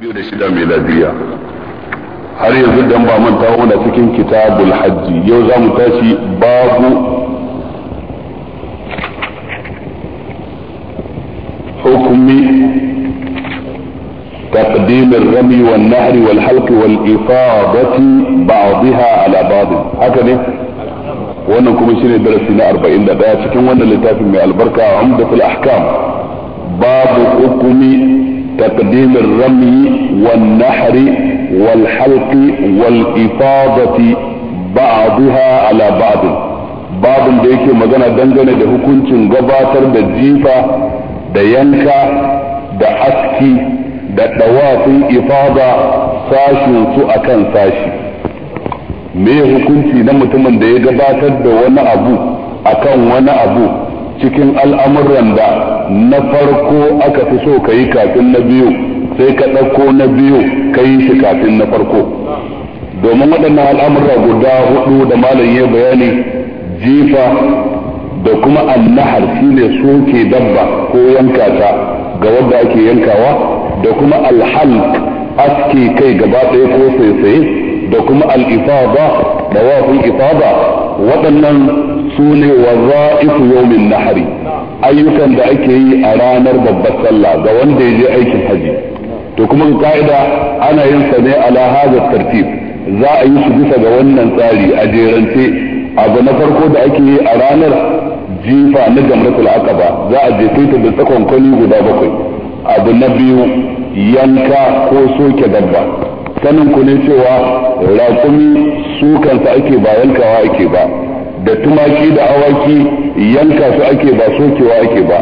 biyu da shida miladiya har yanzu dan ba manta wanda cikin kitabul hajji yau تقديم الرمي والنهر والحلق والإفاضة بعضها على بعض هكذا وأنكم يشير درسنا أربعين دقاء شكرا وأن اللي تافي من البركة عمدة الأحكام باب حكم تقديم الرمي والنحر والحلق والإفاضة بعضها على بعض babin da yake magana dangane da hukuncin gabatar da jifa da yanka da aski da ɗawafin ifada sashin akan sashi me hukunci na mutumin da ya gabatar da wani abu akan wani abu cikin al'amuran da na farko aka fi so ka yi kafin na biyu sai ka ɗauko na biyu ka yi shi kafin na farko domin waɗannan al'amura guda hudu da malam ya bayani jifa da kuma annahar shi ne soke dabba ko yanka ta ga wadda ake yankawa da kuma alhalk aske kai gaba ɗaya ko saisaye da kuma al'ifada da wafin ifada waɗannan sune ne wa yawmin nahari ayyukan da ake yi a ranar babbar sallah ga wanda ya je aikin haji to kuma ka'ida ana yin sa ne ala hadha tartib za a yi su bisa ga wannan tsari a jerance abu na farko da ake yi a ranar jifa na jamratul aqaba za a je ta da tsakon kwani guda bakwai abu na biyu yanka ko soke dabba sanin ku ne cewa raƙumi sukansa ake ba yankawa ake ba da tumaki da awaki yanka su ake ba sokewa ake ba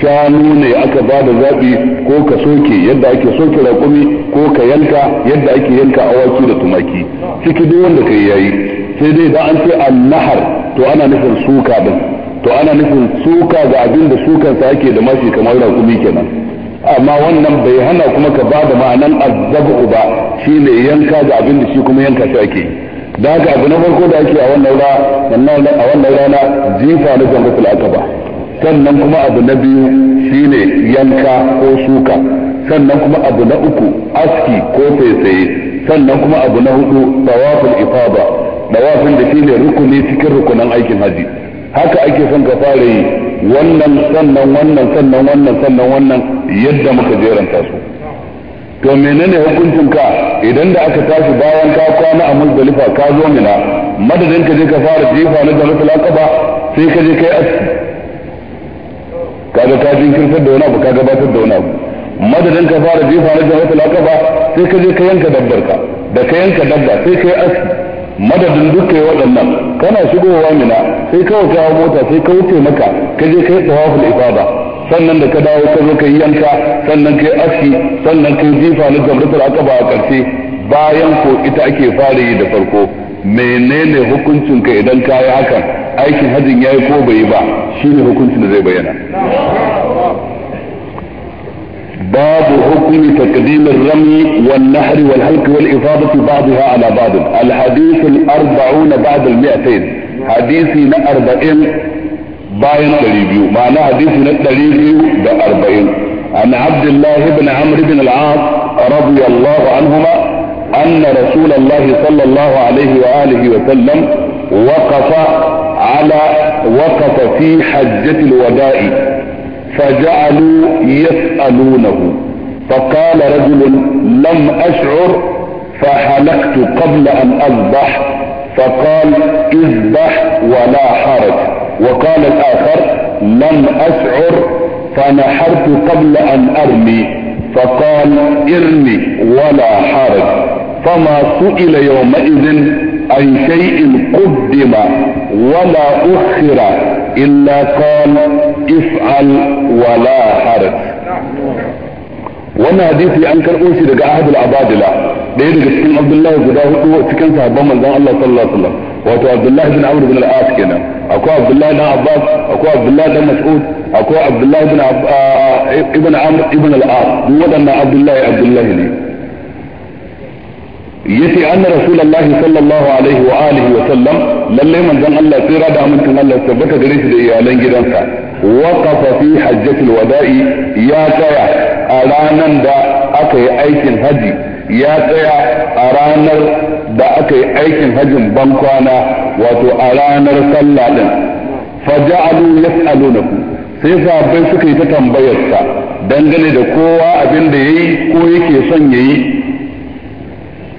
shanu ne aka ba da zaɓi ko ka soke yadda ake soke raƙumi ko ka yanka yadda ake yanka awaki da tumaki ciki duk wanda kai yayi sai dai da an ce annahar to ana nufin suka din to ana nufin suka ga abin da sukansa ake da mashi kamar raƙumi kenan amma wannan bai hana kuma ka ba da ma'anan azzabu ba shine yanka ga abin da shi kuma yanka shi ake yi da haka abu na farko da ake a wannan rana a wannan rana jifa na jambatul ba sannan kuma abu na biyu shine yanka ko suka sannan kuma abu na uku aski ko fesaye sannan kuma abu na hudu tawaful ifada tawafin da shine rukuni cikin rukunan aikin haji haka ake son ka fara yi wannan sannan wannan sannan wannan sannan wannan yadda muka jeranta su to menene hukuncin ka idan da aka tashi bayan ka kwana a muzdalifa ka zo mina madadin ka je ka fara jifa na jama'a aqaba sai ka je kai aski kaga ka jinkirtar da wani abu ka gabatar da wani abu madadin ka fara jifa na jama'a aqaba sai ka je ka yanka dabbar ka da ka yanka dabba sai kai aski madadin dukkan waɗannan kana shigowa mina sai kawai ka mota sai ka wuce maka ka je kai tawaful ibada sannan da ka dawo ka zo ka yanka sannan ka aski sannan ka yi jifa na zamrutar aka ba a karshe bayan ko ita ake fara yi da farko menene hukuncin ka idan ka hakan aikin hajjin ya yi ko bai yi ba shi ne hukuncin zai bayyana babu hukumi ta kadimin rami wal nahri wal halki wal ifadati ba'daha ala ba'd al hadith al 40 ba'd al hadisi na arba'in. bayan biyu ma'ana hadisi na biyu da arba'in an abdullah ibn amr ibn al-as radiyallahu anhuma anna rasulullahi sallallahu alaihi wa alihi wa sallam waqafa ala waqafa fi hajjati al-wada'i فجعلوا يسألونه فقال رجل لم أشعر فحلقت قبل أن أذبح فقال اذبح ولا حرج وقال الآخر لم أشعر فنحرت قبل أن أرمي فقال ارمي ولا حرج فما سئل يومئذ عن شيء قدم ولا أخر إلا قال افعل ولا حرج wannan hadisi an karɓo shi daga ahadul abadila ɗaya daga cikin abdullahi guda hudu cikin sahabban manzon Allah sallallahu alaihi wasallam wato abdullahi bin amr bin al-as kenan akwai abdullahi dan abbas akwai abdullahi dan mas'ud akwai abdullahi ibn uh, ibn amr ibn al-as duk waɗannan abdullahi abdullahi ne yace anna rasulullahi sallallahu alaihi wa alihi wa sallam lalle manzon Allah tsira da amincin Allah tabbata gare shi da iyalan gidansa waqafa fi hajjatil wada'i ya tsaya a ranan da aka yi aikin haji ya tsaya a ranar da aka yi aikin hajjin bankwana wato a ranar sallah din faja'alu yas'alunaku sai sahabbai suka yi ta tambayarsa, dangane da kowa abin da yayi ko yake son yayi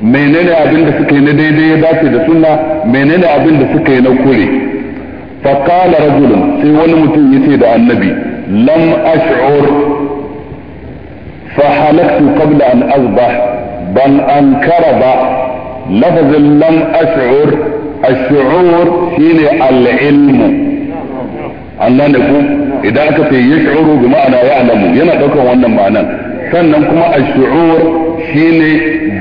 menene abin da suka yi na daidai ya dace da sunna menene abin da suka yi na kure faqala rajulun sai wani mutum yace da annabi lam ash'ur an an Ban ban ankara ba. lafazin lam ash'ur ash'ur shine al-ilm Allah ne ku idan aka ce yash'uru bi ma'ana ya'lamu yana daukar wannan ma'anan sannan kuma ash'ur shine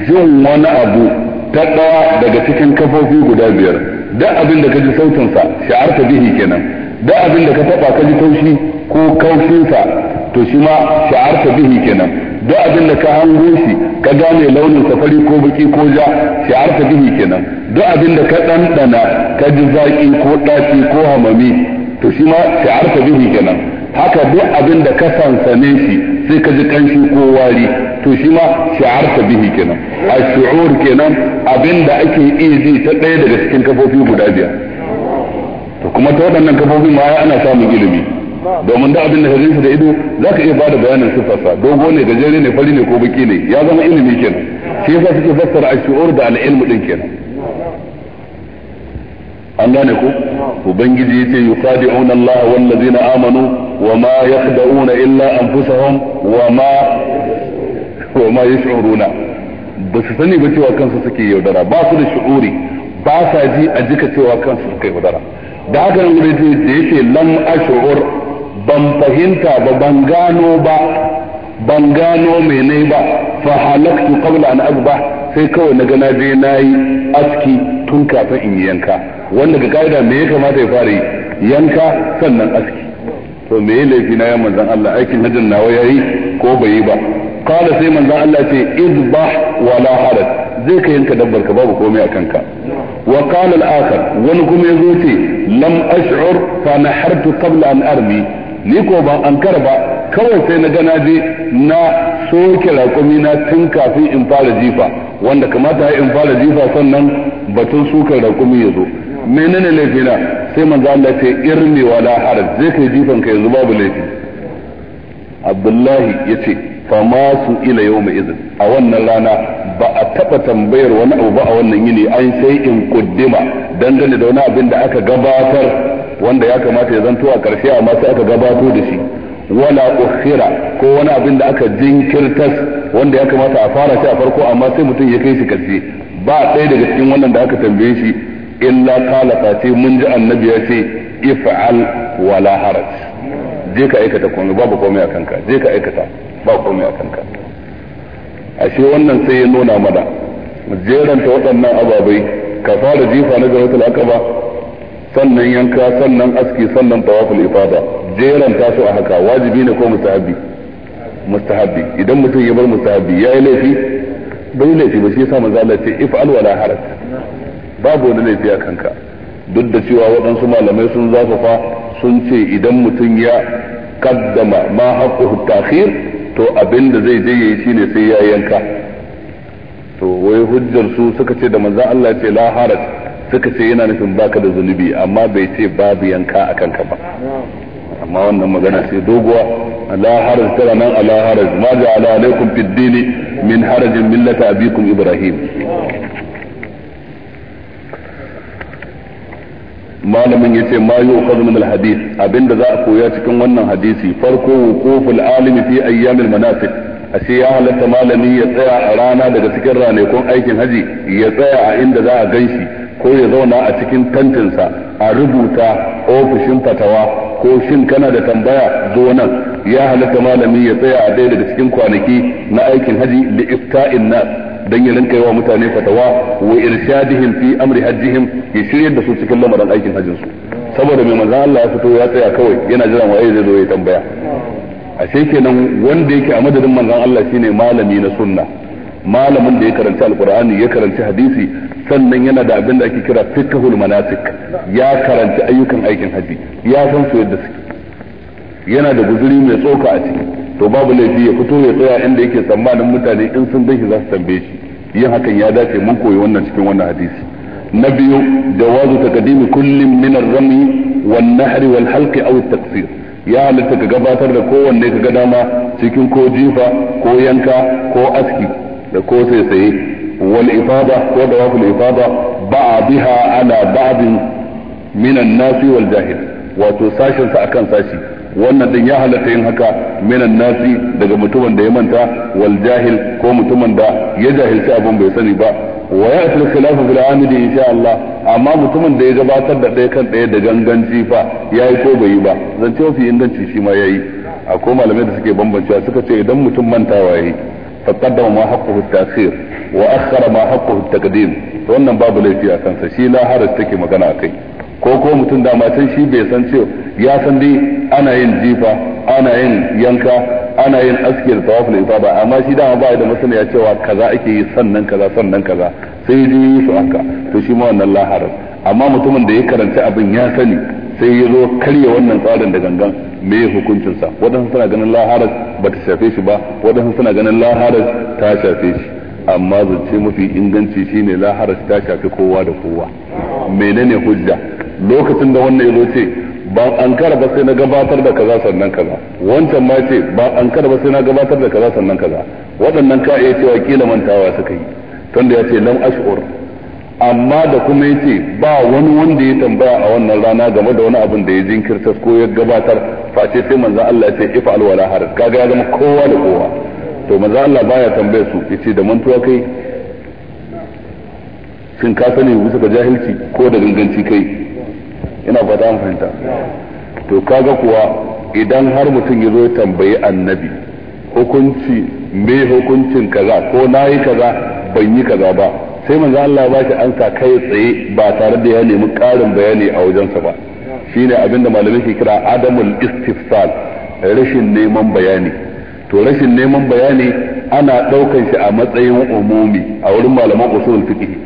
jin wani abu ta daya daga cikin kafofi guda biyar duk abinda ka ji sautin sa sha'arta bihi kenan da abin da ka taba ka ji taushi ko kaushinsa to shi ma sha'arta bihi kenan da abin da ka hango shi ka gane launin safari ko baki ko ja sha'arta bihi kenan da abin da ka ɗanɗana ka ji zaki ko ɗaci ko hamami to shi ma sha'arta bihi kenan haka duk abin da ka sansane shi sai ka ji kanshi ko wari to shi ma sha'arta bihi kenan a shi'ur kenan abin da ake iya zai ta ɗaya daga cikin kafofi guda biyar to kuma ta waɗannan kafofin ma ana samun ilimi domin da abin da ka ganshi da ido za ka iya ba da bayanin sifarsa dogo ne gajere ne fari ne ko baki ne ya zama ilimi kenan shi yasa suke fassara a shi'ur da al'ilmu din kenan an gane ko ubangiji yace yuqadi'una Allah wal ladina amanu wa ma yaqda'una illa anfusahum wa ma wa ma yash'uruna ba su sani ba cewa kansu suke yaudara ba su da shu'uri ba sa ji a jika cewa kansu suke yaudara da aka nan gudun da ya ce lam ashur ban fahimta ba ban gano ba ban gano menai ba fa halaktu qabla an ba sai kawai na gana je yi aski tun kafin in yanka wanda ga kaida me ya kamata ya fara yi yanka sannan aski to me laifi na ya manzon Allah aikin hajjin nawa yi ko bai yi ba qala sai manzon Allah ce izba wala haraj zai ka yanka dabbar ka babu komai a kanka wa qala wani kuma yazo ce lam ash'ur fa nahartu qabla an armi ni ko ba an ba kawai sai na gana je na soke raƙumi na tun kafin in fara jifa wanda kamata in fara jifa sannan batun sukar raƙumi ya zo menene laifina sai manzo Allah ce irmi wala haraj zai kai jifan ka yanzu babu laifi Abdullahi yace famasu su ila yau mai izin a wannan rana ba a taɓa tambayar wani abu ba a wannan yini an sai in kuddima dangane da wani abin da aka gabatar wanda ya kamata ya zanto a ƙarshe amma sai aka gabato da shi wala ukhira ko wani abin da aka jinkirtas wanda ya kamata a fara shi a farko amma sai mutum ya kai shi ƙarshe ba ɗaya daga cikin wannan da aka tambaye shi illa qala ce mun ji annabi ya ce if'al wala haraj je ka aikata komai babu komai a kanka je ka aikata ba komai a kanka ashe wannan sai ya nuna mana jeranta waɗannan ababai ka fara jifa na jaratul akaba sannan yanka sannan aski sannan tawaful ifada jeranta su a haka wajibi ne ko mustahabi mustahabi idan mutum ya bar mustahabi ya yi laifi bai laifi ba shi yasa manzo Allah ce if'al wala haraj babu wani laifi a kanka duk da cewa waɗansu malamai sun zafafa sun ce idan mutum ya kaddama ma haƙƙuhu takhir to abin da zai je yi shine sai ya yanka to wai hujjar su suka ce da manzon Allah ce la haraj suka ce yana nufin baka da zunubi amma bai ce babu yanka akan ka ba amma wannan magana sai doguwa la haraj tara nan ala haraj ma ja'ala alaikum fid dini min harajin millata abikum ibrahim malamin ya ce ma yi min alhadis abinda za a koya cikin wannan hadisi farko wuquful alimi fi ayyamil manasik ashe ya halatta malami ya tsaya a rana daga cikin ranakun aikin haji ya tsaya a inda za a ganshi ko ya zauna a cikin tantinsa a rubuta ofishin fatawa ko shin kana da tambaya zo nan ya halatta malami ya tsaya a ɗaya daga cikin kwanaki na aikin haji da ifta'in nas dan ya rinka yawa mutane fatawa wa irshadihim fi amri hajjihim ya shiryar da su cikin lamarin aikin hajjin su saboda mai manzan Allah ya fito ya tsaya kawai yana jiran waye zai zo ya tambaya ashe kenan wanda yake a madadin manzan Allah shine malami na sunna malamin da ya karanci alkur'ani ya karanci hadisi sannan yana da abin da ake kira fiqhul manasik ya karanci ayyukan aikin hajji ya san su yadda suke yana da guzuri mai tsoka a ciki to babu laifi ya fito ya tsaya inda yake tsammanin mutane in sun gan shi za su tambaye shi yin hakan ya dace mun koyi wannan cikin wannan hadisi na biyu jawazu taqdimi kullin min ar-rami wan nahri wal halqi aw at-taqsir ya halatta ka gabatar da kowanne ka ga dama cikin ko jifa ko yanka ko aski da ko sai wal ifada ko da waful ifada ba'daha ala ba'd min an-nasi wal jahil wato sashin sa akan sashi wannan din ya halatta yin haka minan nasi daga mutumin da ya manta wal jahil ko mutumin da ya jahilci abin bai sani ba wa ya fi khilafu bil amidi insha Allah amma mutumin da ya gabatar da ɗaya kan ɗaya da ganganci fa yayi ko bai yi ba zan zance mafi inganci shi ma yayi akwai malamai da suke bambancewa suka ce idan mutum mantawa yayi faqaddama ma haqquhu at-ta'khir wa akhara ma haqquhu at-taqdim wannan babu laifi a kansa shi la take magana akai ko ko mutum da matan shi bai san cewa ya san dai ana yin jifa ana yin yanka ana yin aski da tawaful ifada amma shi dama ba da masaniya cewa kaza ake yi sannan kaza sannan kaza sai yi su haka to shi ma wannan laharar amma mutumin da ya karanci abin ya sani sai ya zo karya wannan tsarin da gangan me ya hukuncinsa waɗansu suna ganin laharar ba ta shafe shi ba waɗansu suna ganin laharar ta shafe shi amma zance mafi inganci shine laharar ta shafe kowa da kowa menene hujja lokacin da wannan yazo ce ba an kara ba sai na gabatar da kaza sannan kaza wancan ma ce ba an kara ba sai na gabatar da kaza sannan kaza waɗannan ka iya cewa kila mantawa suka yi tunda ya ce lam ash'ur amma da kuma yace ba wani wanda ya tambaya a wannan rana game da wani abin da ya jinkirta ko ya gabatar face sai manzo Allah ya ce if'al wala haraj kaga ya zama kowa da kowa to manzo Allah baya tambaye su yace da mantuwa kai shin ka sani bisa ga jahilci ko da ganganci kai ina ba da fahimta to kaga kuwa idan har mutum ya zo ya tambayi annabi hukunci me hukuncin kaza ko nayi kaza ban yi kaza ba sai manzo Allah ba shi ansa kai tsaye ba tare da ya nemi karin bayani a wajensa ba shine abin da malamai ke kira adamul istifsal rashin neman bayani to rashin neman bayani ana ɗaukan shi a matsayin umumi a wurin malaman usul fiqh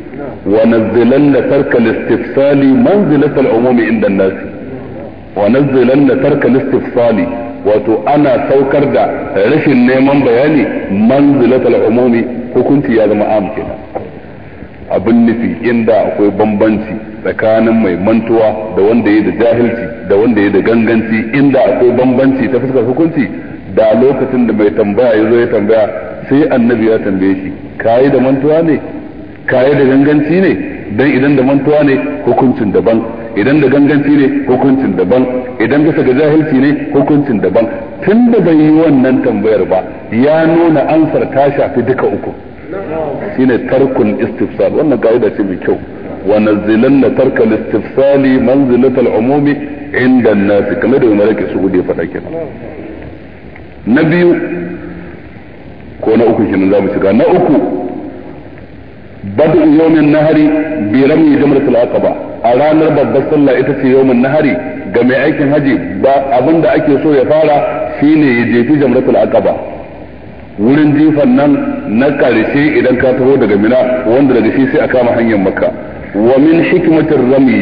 ونزلن ترك الاستفصال منزلة العموم عند الناس ونزلن ترك الاستفصال wato ana saukar da rashin neman bayani manzilatul umumi hukunci ya zama am kenan abin nufi inda akwai bambanci tsakanin mai mantuwa da wanda ya da jahilci da wanda ya da ganganci inda akwai bambanci ta fuskar hukunci da lokacin da mai tambaya ya zo ya tambaya sai annabi ya tambaye shi kayi da mantuwa ne Kaye da ganganci ne dan idan da mantuwa ne hukuncin daban idan da ganganci ne hukuncin daban idan bisa ga jahilci ne hukuncin daban tun da bai yi wannan tambayar ba ya nuna ansar ta shafi duka uku shine tarkun istifsal wannan ka'ida ce mai kyau wa nazzilanna tarkal istifsali manzilatal umumi inda an-nas kamar da umar yake suudi ya faɗa kenan na biyu ko na uku kenan za mu shiga na uku بدء يوم النهر برمي جمرة a ranar babbar sallah ita ce min nahari ga mai aikin hajji ba abin da ake so ya fara shine ya jefi jamratul aqaba wurin jifan nan na karshe idan ka taho daga minna wanda daga shi sai a kama hanyar makka wa min hikmatir rami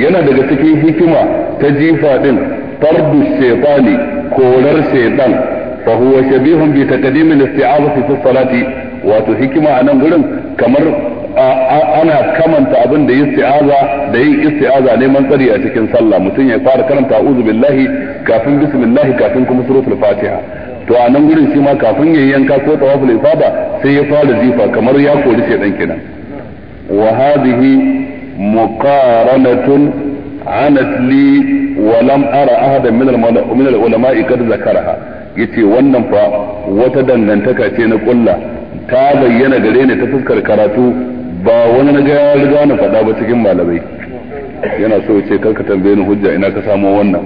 yana daga cikin hikima ta jifa din tardu shaytani korar shaytan fa shabihun bi taqdim al-isti'azati fi salati wato hikima a nan wurin. kamar ana kamanta abin da isti'aza da yin isti'aza neman tsari a cikin sallah mutum ya fara karanta a'udhu billahi kafin bismillah kafin kuma suratul fatiha to a nan gurin shi ma kafin ya yanka ko tawaful ifada sai ya fara jifa kamar ya kori dan kina wa hadhihi muqaranatun anat li wa lam ara ahadan min al-ulama'i qad zakaraha yace wannan fa wata dangantaka ce na kullah ta bayyana gare ni ta fuskar karatu ba wani na gaya riga na faɗa ba cikin malamai yana so ya ce karka tambaye ni hujja ina ka samo wannan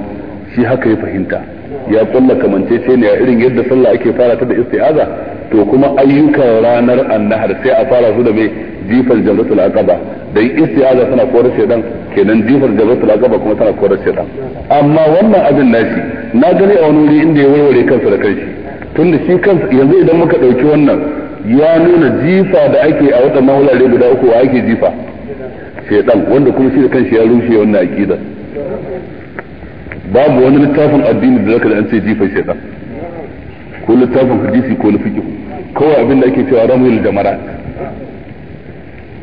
shi haka ya fahimta ya tsalla kamance ce ne a irin yadda sallah ake fara ta da isti'aza to kuma ayyukan ranar annahar sai a fara su da mai jifar jarratul aqaba dan isti'aza tana korar shedan kenan jifar jarratul aqaba kuma tana korar shedan amma wannan abin nashi na gani a wani wuri inda ya warware kansa da kanshi tunda shi kansa yanzu idan muka dauki wannan ya nuna jifa da ake a wata mawulare guda uku wa ake jifa shaidan wanda kuma shi da kanshi ya rushe wannan aqidar babu wani littafin addini da zaka da an ce jifa shaidan ko littafin hadisi ko fiqh kawai abin da ake cewa ramul jamara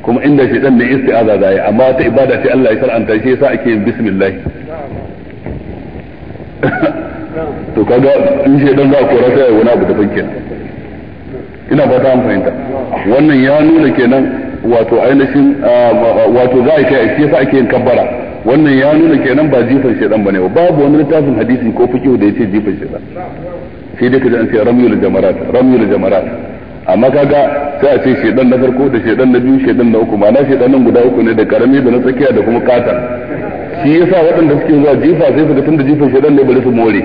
kuma inda shedan ne isti'aza zai amma ta ibada ce Allah ya shar'anta shi yasa ake yin bismillah to kaga in shaidan za a kora sai wani abu da kenan ina ba ta fahimta wannan ya nuna kenan wato ainihin ah, ah, wato za a kai shi yasa ake yin kabbara wannan ya nuna kenan ba jifan shedan bane babu wani littafin hadisi ko fiqh da yace jifan shedan sai dai kaje an ce ramyul jamarat ramyul jamarat amma kaga sai a ce shedan na farko da shedan na biyu shedan na uku ma'ana shedanin guda uku ne da karami da na tsakiya da kuma katar shi yasa waɗanda suke zuwa jifa sai su ga tunda jifan shedan ne bari su more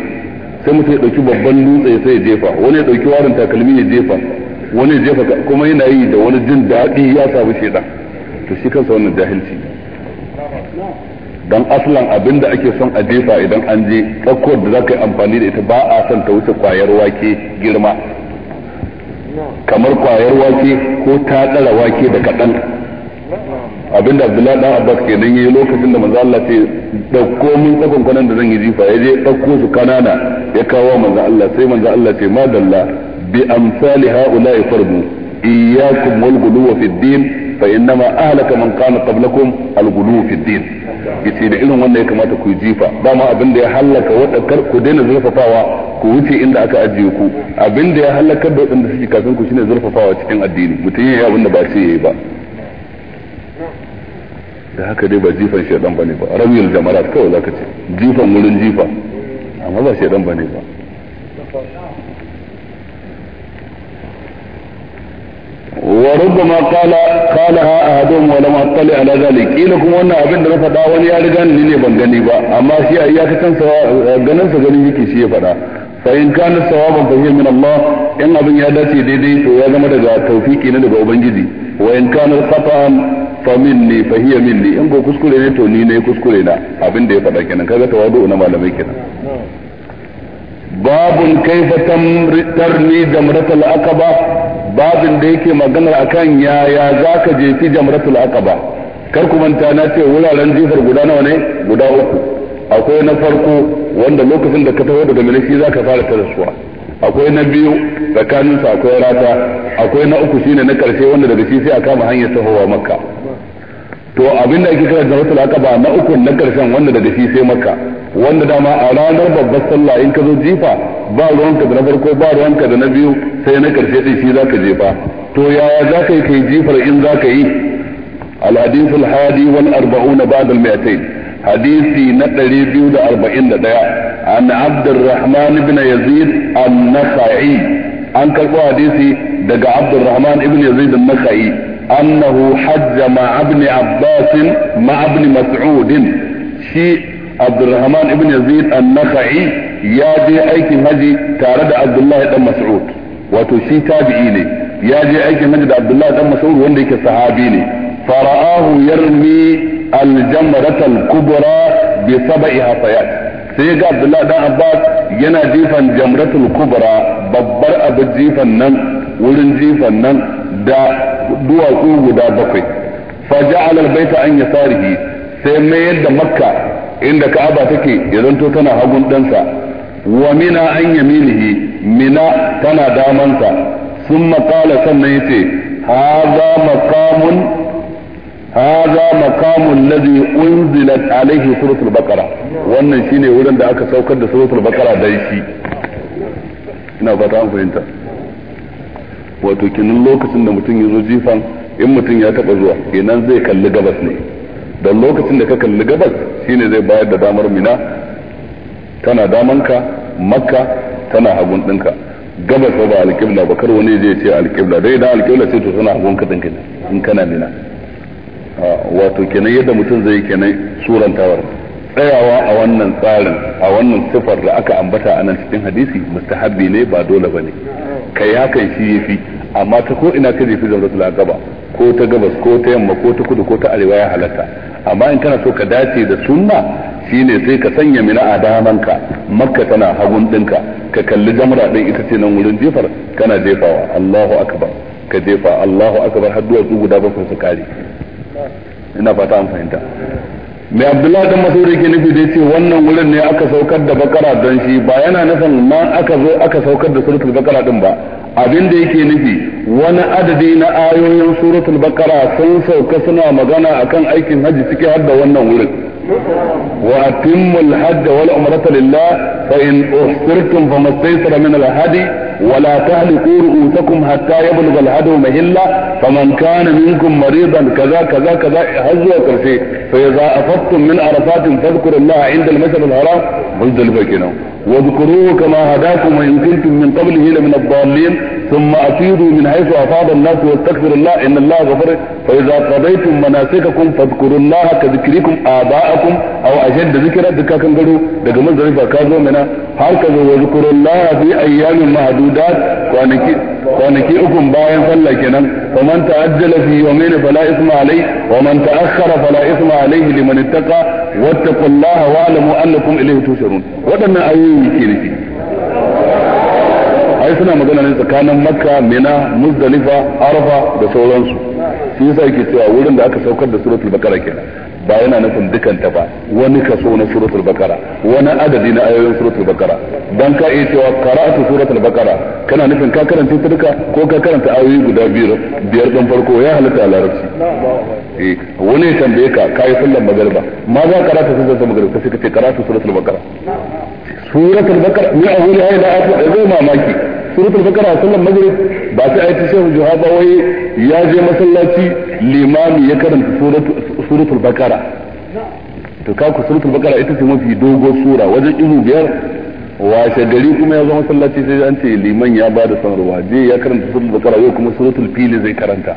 sai mutum ya dauki babban dutse sai ya jefa wani ya dauki warin takalmi ya jefa wani jefa kuma yana yi da wani jin daɗi ya samu shedan to shi kansa wannan jahilci dan aslan abin da ake son a jefa idan an je tsakkowar da zaka yi amfani da ita ba a son ta wuce kwayar wake girma kamar kwayar wake ko ta ɗara wake da kaɗan abinda abdullahi dan abbas ke nan yi lokacin da manzo Allah ce dauko min tsakon kwanan da zan yi jifa ya je dauko su kanana ya kawo manzo Allah sai manzo Allah ce madalla بأمثال هؤلاء فرضوا إياكم والغلو في الدين فإنما أهلك من كان قبلكم الغلو في الدين yace da irin wannan ya kamata ku jifa ba ma abin da ya hallaka wadda ku daina zurfafawa ku wuce inda aka ajiye ku abin da ya hallakar da waɗanda kafin ku shine zurfafawa cikin addini mutum yayi abin da ba sai yayi ba da haka dai ba jifan shedan bane ba rawiyul jamarat kawai zaka ce jifan wurin jifa amma ba shedan bane ba وربما قال قالها أحدهم ولم اطلع على ذلك الى إلا ان ابن ده فدا وني يا رجال ني بنغني با أما شيء إياك كان سوا غنن سغني يكي شي فدا فان كان الثواب فهي من الله ان ابن يا يداتي دي دي تو يا زما daga توفيقي ني daga ubangiji وإن كان الخطا فمني فهي مني ان ko كسكوري ني تو ني ني كسكوري نا ابن ده فدا كينن كذا kaga tawadu na كينن باب كيف kaifa tarni jamratal aqaba babin da yake maganar akan yaya za ka je fi jamratul aqaba kar ku manta na ce wuraren jihar guda nawa ne guda uku akwai na farko wanda lokacin da ka taho daga milishi za ka fara tarasuwa akwai na biyu tsakanin sa akwai rata akwai na uku shine na karshe wanda daga shi sai a kama hanyar tahowa makka to abinda ake kira jamratul aqaba na uku na karshen wanda daga shi sai makka wanda dama a ranar babbar sallah in ka zo jifa ba ruwanka da na farko ba ruwanka da na biyu sai na karshe din shi zaka jefa to ya zaka yi kai jifar in zaka yi al hadith wal 40 ba'd al 200 hadisi na 241 an abdurrahman ibn yazid an-nasai an karbo hadisi daga abdurrahman ibn yazid an-nasai annahu hajja ma ibn abbas ma shi Abdulrahman ibn Yazid an-Nakhai ya je aikin haji tare da Abdullahi dan Mas'ud wato shi tabi'i ne ya je aikin haji da Abdullahi dan Mas'ud wanda yake sahabi ne fara'ahu yarmi al-jamrat al-kubra bi sab'i sai ga Abdullahi dan Abbas yana jifan jamratul kubra babbar abin jifan nan wurin jifan nan da duwatsu guda bakwai fa ja'ala al-baita an yasarihi sai mayar da makka inda ka'aba take ya zanto tana hagun ɗansa wa mina an yaminihi mina tana damansa sun makala sannan ya ce haza makamun haza makamun ladhi unzilat alaihi suratul baqara wannan shine wurin da aka saukar da suratul baqara da shi ina fata an fahimta wato kinin lokacin da mutum ya zo jifan in mutum ya taba zuwa kenan zai kalli gabas ne don lokacin da ka kalli gabas shine zai bayar da damar mina tana damanka makka tana hagun ɗinka gabas ba ba alƙibla ba kar wani zai ce alƙibla dai idan alƙibla ce to tana hagun ka ɗinka in kana mina ah, wato kenan yadda mutum zai kenan surantawar tsayawa a wannan tsarin a wannan sifar da aka ambata a nan cikin hadisi mustahabbi ne ba dole ba ne kai hakan shi yafi fi amma ta ko ina ka jefi zamratul aqaba ko ta gabas ko ta yamma ko ta kudu ko ta arewa ya halatta amma in kana so ka dace da sunna shine sai ka sanya mina a damanka makka tana hagun dinka ka kalli jamra din ita ce nan wurin jefar kana jefawa Allahu akbar ka jefa Allahu akbar har duwatsu guda bakwai su kare ina fata an fahimta mai abdullahi dan masuri ke nufi da ce wannan wurin ne aka saukar da bakara don shi ba yana nufin ma aka zo aka saukar da suratul bakara din ba abinda yake nufi wani adadi na ayoyin suratul bakara sun sauka suna magana akan aikin hajji ciki har da wannan wurin wa atimmul hajj wal umrata lillah fa in uhsirtum famastaysara min al hadi ولا تهلكوا رؤوسكم حتى يبلغ الهدو مهلا فمن كان منكم مريضا كذا كذا كذا هزوا كرسي فاذا افضتم من عرفات فاذكروا الله عند المسجد الحرام مزدلفه البكينا واذكروه كما هداكم وان كنتم من قبله لمن الضالين ثم افيضوا من حيث افاض الناس واستغفروا الله ان الله غفور فاذا قضيتم مناسككم فاذكروا الله كذكركم اباءكم او اشد ذكرا دكا كان غدو daga manzarifa ka zo هكذا واذكروا الله في ايام zikrullah ma'dudat kwanaki kwanaki uku bayan sallah kenan wa man ta'ajjala fi yawmin fala isma alai wa man ta'akhkhara fala isma alaihi liman ittaqa wattaqullaha wa'lamu annakum ilayhi tusharun wadannan ayoyi ke nufi ai suna magana ne tsakanin makka mina muzdalifa arafa da sauransu shi yasa yake cewa wurin da aka saukar da suratul baqara kenan ba yana nufin dukanta ba wani kaso na suratul bakara wani adadi na ayoyin suratul bakara dan ka iya cewa karatu suratul bakara kana nufin ka karanta ta duka ko ka karanta ayoyi guda biyar biyar dan farko ya halatta a larabci eh wani ya tambaye ka kai sallar magriba ma za ka karanta suratul magriba sai ka ce karatu suratul bakara suratul bakara ni a wuri da a zo mamaki suratul bakara sallar maghrib ba sai ayati shehu juhaba wai ya je masallaci limami ya karanta suratul suratul bakara to ka ku suratul bakara ita ce mafi dogo sura wajen izu biyar washe gari kuma ya zama sallaci sai an ce liman ya ba da sanarwa je ya karanta suratul bakara yau kuma suratul fili zai karanta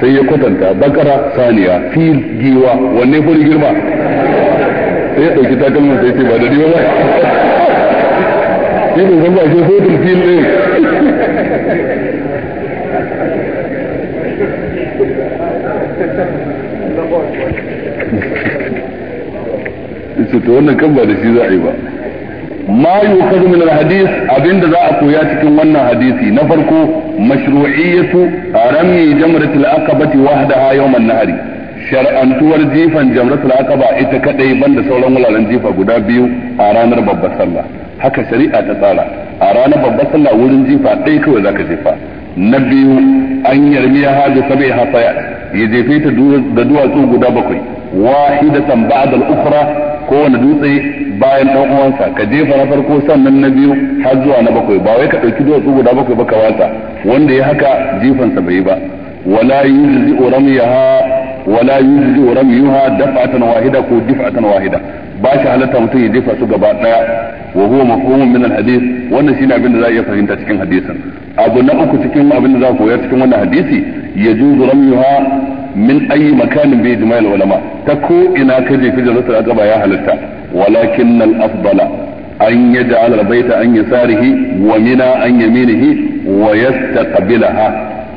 sai ya kwatanta bakara saniya fil giwa wanne ko girma sai ya dauki takalmin sai ce ba da riwa ba sai ne zama ke suratul fil ne yace to wannan kan ba da shi za a yi ba ma yukhadhu min alhadith abinda za a koya cikin wannan hadisi na farko mashru'iyyatu rami jamratul aqabati wahdaha yawm an-nahri shar'antuwar jifan jamratul aqaba ita kadai banda sauran wuraren jifa guda biyu a ranar babbar sallah haka shari'a ta tsara a ranar babbar sallah wurin jifa ɗaya kawai zaka jefa na biyu an yarmi ya hadu sabai hasaya ya jefe ta da duwatsu guda bakwai wahidatan ba'da al kowane dutse bayan dan uwansa ka jefa na farko sannan na biyu har zuwa na bakwai ba wai ka ɗauki dutse guda bakwai ba ka wata wanda ya haka jifansa bai ba wala yujzi ramyaha wala yujzi ramyuha daf'atan wahida ko dif'atan wahida ba shi halatta mutum ya jefa su gaba daya wa huwa mafhumun min al-hadith wannan shine abin da za a iya fahimta cikin hadisin abu na uku cikin abin da za a koya cikin wannan hadisi yajuzu ramyuha min ayi makanin bi ijma'il ulama ta ko ina ka jefi jannatul aqaba ya halatta walakin al afdala an yaj'al al baita an yasarihi wa mina an yaminihi wa yastaqbilaha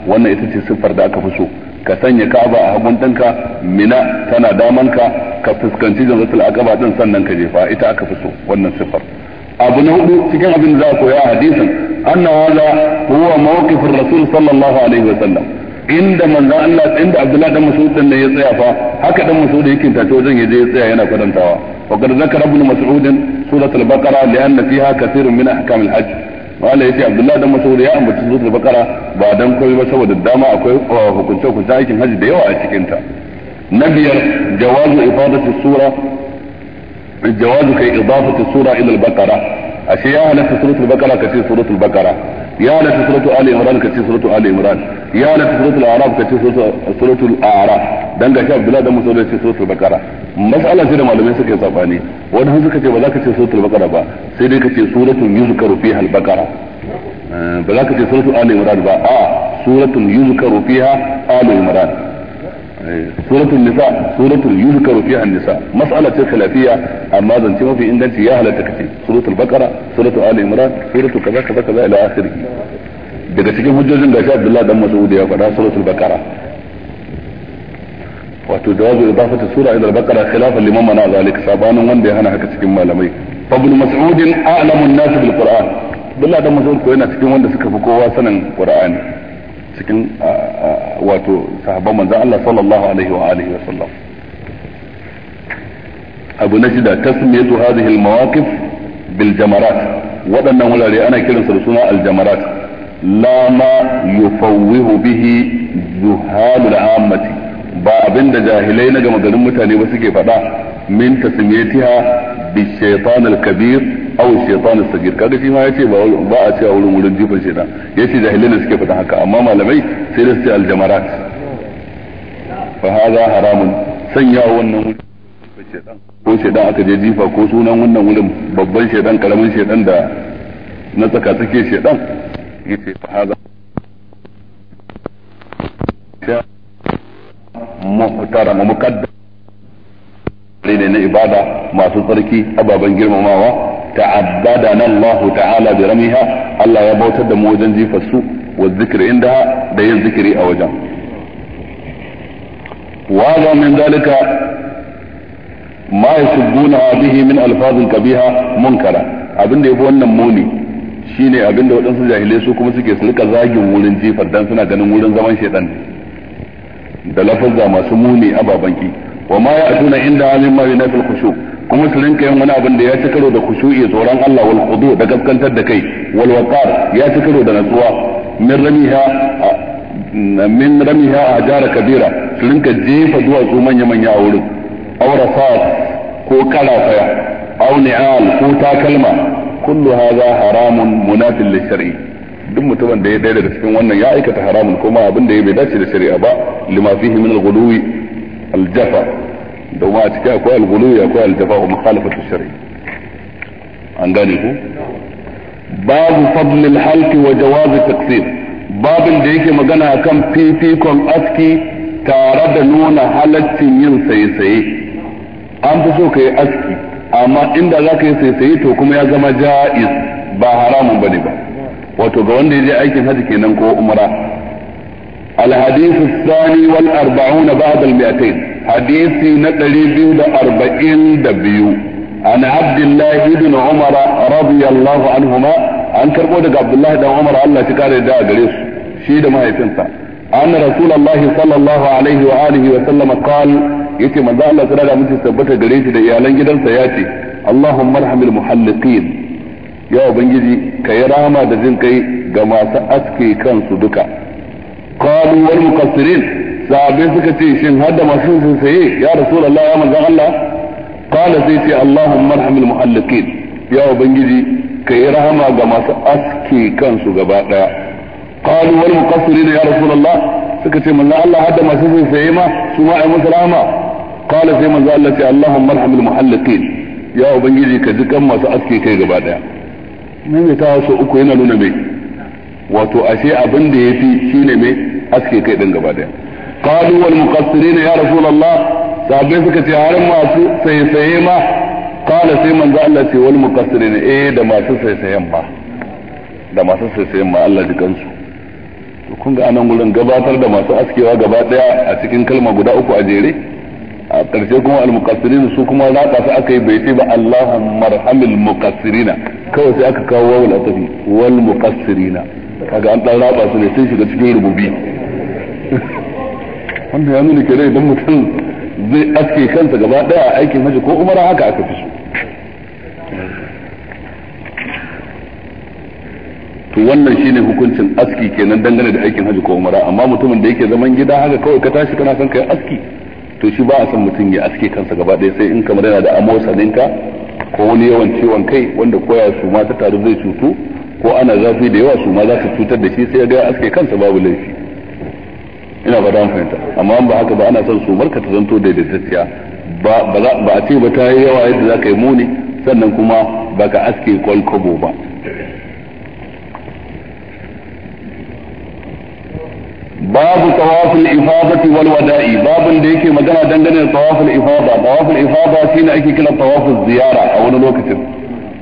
wannan ita ce siffar da aka fi so ka sanya kaba a hagun ɗinka mina tana daman ka ka fuskanci jannatul aqaba din sannan ka jefa ita aka fi so wannan siffar abu na hudu cikin abin za a koya a hadisin anna hadha huwa mawqif ar-rasul sallallahu alaihi wa sallam inda manzon Allah inda Abdullah dan Mas'ud din ya tsaya fa haka dan Mas'ud yake tace wajen ya je ya tsaya yana kwadantawa wa qad zakara ibn Mas'ud surat al-Baqara lianna fiha kathirun min ahkam al-hajj wala yace Abdullah dan Mas'ud ya ambaci surat al-Baqara ba dan koyi ba saboda dama akwai uh, hukunce hukunce aikin hajji da yawa a cikin ta na biyar jawazu ifadatu sura jawazu kai idafatu sura ila al-Baqara ashe ya halatta suratul baqara kace suratul baqara a la suratu ali imran kace suratu ali imran ya la suratu al-araf kace suratu al-araf dan ga shi abdullahi dan musaud ce suratu bakara mas'ala ce da malamai suka yi sabani wani sun suka ce ba za ka ce suratu bakara ba sai dai ka ce suratu yuzkaru fiha al-bakara ba za ka ce ali ba a suratul nisa suratul yuzkaru fiha an-nisa mas'ala ce khilafiyya amma zance mafi inganci ya halatta kace suratul baqara suratul ali imran suratul kaza kaza kaza ila akhirih daga cikin hujjojin da shi Abdullahi dan Mas'ud ya faɗa suratul baqara wato jawazu idafatu sura ila al-baqara khilafan liman mana zalika sabanin wanda ya hana haka cikin malamai fabul mas'udin a'lamun nas bil qur'an Abdullahi dan Mas'ud ko yana cikin wanda suka fi kowa sanin qur'ani cikin wato sahabban manzon Allah sallallahu alaihi wa alihi wa sallam abu na shida tasmiyatu hadhihi almawaqif mawaqif bil jamarat waɗannan wurare ana kiransu da suna al-jamarat la ma yufawwihu bihi zuhalul ammati ba abinda jahilai na gama garin mutane ba suke fada min tasmiyatiha bi shaytan al-kabir aw shaytan as-sagir kaga shi ma yace ba ba a cewa wurin wurin jifan shaytan yace jahilai ne suke fata haka amma malamai sai da su ce fa hadha haramun sanya wannan ko shaytan aka je jifa ko sunan wannan wurin babban shaytan karamin shaytan da na tsaka take shaytan yace fa hadha muhtara muqaddam ne na ibada masu tsarki ababen girmamawa ta'abbadana Allah ta'ala bi ramiha Allah ya bautar da mu wajen jifa su wa zikr inda da yin zikiri a wajen wa ga min zalika ma yasubbuna bihi min alfazin kabiha munkara abinda yafi wannan muni shine abinda waɗansu jahilai su kuma suke su zagin wurin jifar dan suna ganin wurin zaman shedan da lafazza masu muni ababanki wa ma ya'tuna inda amin ma yunafil khushu' kuma su rinka yin wani abin da ya ci karo da khushu'i tsoron Allah wal da gaskantar da kai wal waqar ya ci karo da natsuwa min ramiha min ramiha ajara kabira su rinka jefa duwatsu manya manya a wurin awrasat ko karafaya aw ni'al ko takalma kullu hadha haramun munafil shar'i. duk mutumin da ya daya daga cikin wannan ya aikata haramun kuma abin da ya bai dace da shari'a ba lima fihi min al-ghuluwi al-jafa kuma a ciki akwai al-ghulu akwai al-jafa'u mukhalafatu shar'i an gane ku babu fadl halki halq wa jawaz taqsim babin da yake magana akan fifikon aski tare da nuna halaccin yin saye-saye an fi so ka yi aski amma inda za ka yi saye-saye to kuma ya zama ja'iz ba haramun bane ba wato ga wanda ya je aikin hajji kenan ko umra الحديث الثاني والأربعون بعد المئتين hadisi na ɗari biyu da arba'in da biyu an abdullahi ibn umar radiyallahu anhuma an karɓo daga abdullahi dan umar Allah ya kare a gare su shi da mahaifinsa anna rasulullahi sallallahu alaihi wa alihi wa sallam qal yace manzo Allah tsara da mutum tabbata gare shi da iyalan gidansa ya ce Allahumma arhamil muhalliqin ya ubangiji kai rama da jin kai ga masu aske kansu duka Kaluwar wal muqassirin sahabbai suka ce shin har da masu sun saye ya rasulullah ya manzon Allah qala sai ce ya ubangiji rahama ga masu aske kansu gaba daya qalu wal muqassirin ya suka ce Allah har da masu sun saye ma su ai musu rahama qala sai Allah ce ya ubangiji ka ji kan masu aske kai gaba daya ta so uku yana nuna mai wato ashe abin da fi shine mai aske kai din gaba daya qalu wal muqassirin ya rasulullah sahabbai suka ce har masu saisaye ma qala sai manzo Allah ce wal muqassirin eh da masu saisayen ba da masu saisayen ma Allah ji kansu to kun ga anan gurin gabatar da masu askewa gaba daya a cikin kalma guda uku a jere a ƙarshe kuma almuqassirin su kuma rata su aka yi bai ce ba Allahumma arhamil muqassirina kawai sai aka kawo wawul atafi wal muqassirina kaga an dan raba su ne sun shiga cikin rububi wanda ya nuna rai don mutum zai aske kansa gaba daya a aikin hajji ko umara haka aka fi su to wannan shine hukuncin aski kenan dangane da aikin hajji ko umara amma mutumin da yake zaman gida haka kawai ka tashi kana son kai aski to shi ba a san mutum ya aske kansa gaba daya sai in kamar yana da amosaninka ko wani yawan ciwon kai wanda koya su ma ta taru zai cutu ko ana zafi da yawa su ma za su cutar da shi sai ya ga aske kansa babu laifi ina ba an fahimta amma ba haka ba ana son su barka ta zanto da ba ba a ce ba ta yi yawa yadda za ka yi muni sannan kuma ba ka aske kwalkwabo ba babu tawaful ifadati wal wada'i babun da yake magana dangane da tawaful ifada tawaful ifada shine ake kira tawaful ziyara a wani lokacin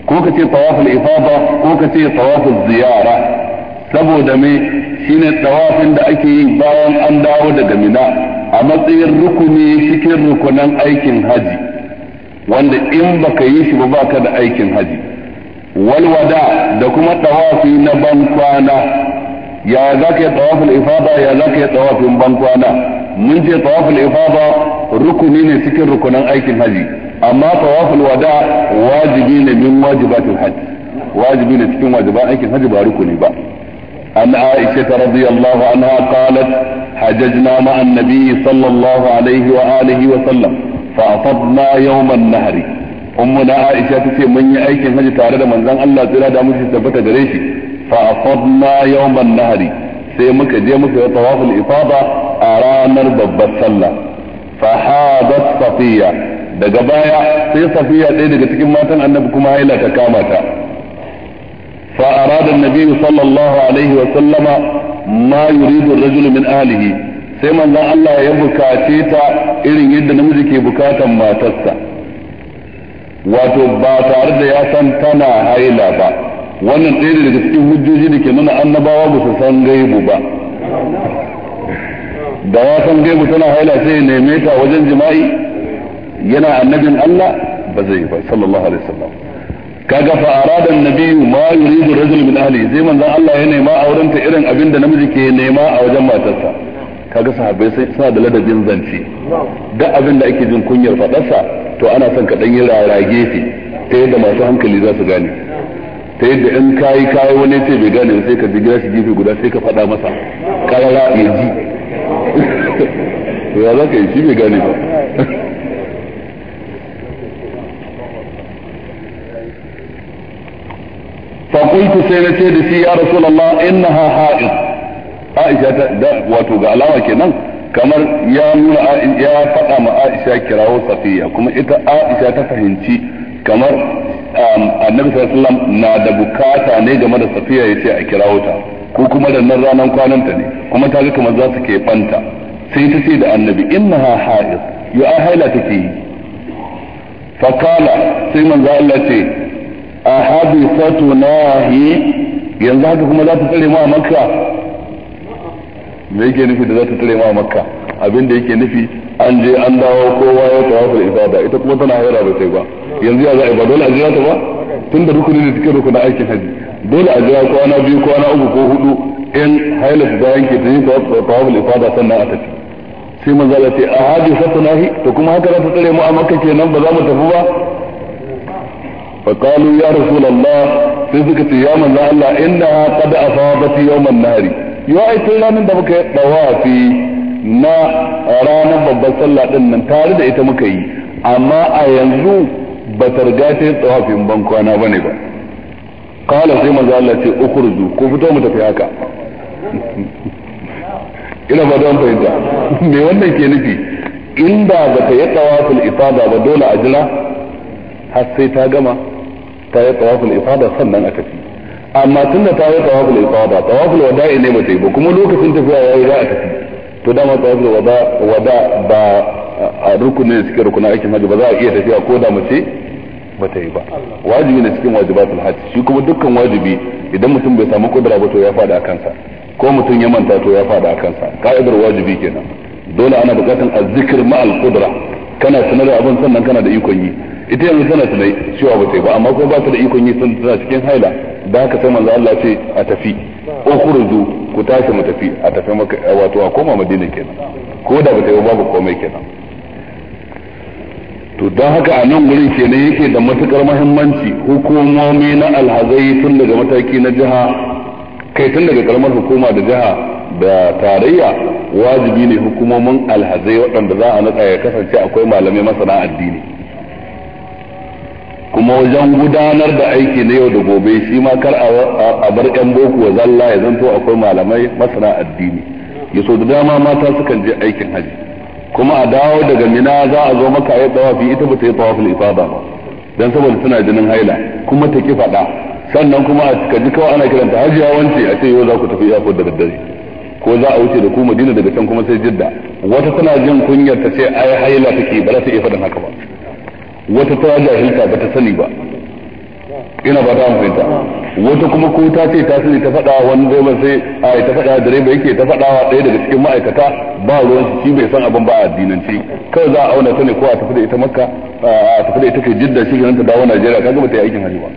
ko ka ce tawaful ifada ko ka ce tawaful ziyara saboda me shine tawafin da ake yi bayan an dawo daga mina a matsayin rukuni cikin rukunan aikin haji wanda in baka yi shi ba baka da aikin haji walwada da kuma tawafi na ban kwana, ya zaka yi tawafin ifada ya zaka yi tawafin kwana? mun ce tawafin ifada rukuni ne cikin rukunan aikin haji amma tawafin wada wajibi ne min wajibatul haji wajibi ne cikin wajiban aikin haji ba rukuni ba عن عائشة رضي الله عنها قالت حججنا مع النبي صلى الله عليه وآله وسلم فأفضنا يوم النهر أمنا عائشة تسي من يأيك الحج تعالى من زن الله تلا دامش استفت دريشي فأفضنا يوم النهر سيمك جيمك طواف الإفاضة أرانا ربب صلى فحادت صفية دقبايا سي صفية safiya ɗaya daga cikin matan annabi kuma فأراد النبي صلى الله عليه وسلم ما يريد الرجل من أهله sai manzan Allah ya bukace ta irin yadda namiji ke bukatan matarsa wato ba tare da ya san tana haila ba wannan ɗaya daga cikin hujjoji da ke nuna annabawa ba su san gaibu ba da ya san gaibu tana haila sai ya neme ta wajen jima'i yana Allah ba zai ba sallallahu alaihi kaga fa aradan annabi ma yuridu rajul min ahli sai manzo Allah ya nema a ta irin abin da namiji ke nema a wajen matarsa kaga sahabbai sai suna da ladabin zance duk abin da ake jin kunyar fadarsa to ana son ka dan yi rarage shi ta yadda masu hankali za su gane ta yadda in kayi kayi wani ce bai gane sai ka bigira shi gefe guda sai ka faɗa masa karara ya ji ya za ka yi shi bai gane ba qultu sai na ce da shi ya rasulullah innaha ha'id aisha ta da wato ga alama kenan kamar ya nuna ya faɗa ma aisha kirawo safiya kuma ita aisha ta fahimci kamar annabi sallallahu alaihi na da bukata ne game da safiya yace a kirawo ta ko kuma da nan ranan kwananta ne kuma ta ga kamar za su ke fanta sai ta ce da annabi innaha ha'id ya haila take yi fa qala sai manzo Allah ce a na nahi yanzu haka kuma za ta tsare mu a makka me yake nufi da za ta tsare mu a makka abin da yake nufi an je an dawo kowa ya tawafa ibada ita kuma tana haira ba sai ba yanzu ya za a ba dole a jira ta ba tun da rukuni da cikin rukunin aikin haji dole a jira kwana biyu kwana uku ko hudu in haila ke yanke ta yi tawafa ibada sannan a tafi sai manzo ya ce a hadi fatanahi to kuma haka za ta tsare mu a makka kenan ba za mu tafi ba فقالوا ya rasu الله sai suka ce ya manzo Allah innaha qad asabat yawm an-nahri yau ai tun ranar da muka dawafi na ranar babban sallah din nan tare da ita muka yi amma a yanzu ba ta riga ta ban kwana bane ba kala sai manzo Allah ce ukhruju ko fito mu tafi haka ina ba don fahimta me wannan ke nufi inda ba ta yi tsawafin ifada ba dole a jira har sai ta gama ta yi tawaful ifada sannan aka tafi amma tun da ta yi tawaful ifada tawaful wada'i ne mace ba kuma lokacin tafiya ya yi za a tafi to dama tawaful wada wada ba a rukunin cikin rukunin aikin hajji ba za a iya tafiya ko da mace ba ta yi ba wajibi ne cikin wajibatul hajji shi kuma dukkan wajibi idan mutum bai samu kudura ba to ya fada a kansa ko mutum ya manta to ya fada a kansa ka'idar wajibi kenan dole ana bukatan azzikir ma'al kudura kana sanar da abin sannan kana da ikon yi ita yanzu tana tunai cewa ba ta ba amma kuma ba ta da ikon yi sun tana cikin haila da haka sai manzo Allah ce a tafi ukhruju ku tashi mu tafi a tafi maka wato a koma Madina kenan ko da ba ta yi babu komai kenan to don haka a nan wurin kenan yake da matukar muhimmanci hukumomi na alhazai tun daga mataki na jiha kai tun daga karamar hukuma da jiha da tarayya wajibi ne hukumomin alhazai waɗanda za a naɗa ya kasance akwai malamai masana addini kuma wajen gudanar da aiki na yau da gobe shi ma kar a bar yan boko zalla ya zanto akwai malamai masana addini ya so da dama mata sukan je aikin haji kuma a dawo daga mina za a zo maka ya tawafi ita ba ta yi tawafin ifada ba dan saboda suna jinin haila kuma ta ki faɗa sannan kuma a kaji jikawa kawai ana kiranta hajiya wance a ce yau za ku tafi iyakar da daddare ko za a wuce da ku madina daga can kuma sai jidda wata tana jin kunyar ta ce ai haila take ba za ta iya faɗin haka ba wata ta jahilta ba ta sani ba ina ba ta amfita wata kuma ko ta ce ta sani ta faɗa wani direba sai a ta faɗa direba yake ta faɗa wa ɗaya daga cikin ma'aikata ba ruwan shi bai san abin ba a addinance kawai za a auna ta ne ko a tafi da ita makka a tafi da ita kai jidda shi ganin ta dawo najeriya ka gaba ta yi aikin hajji ba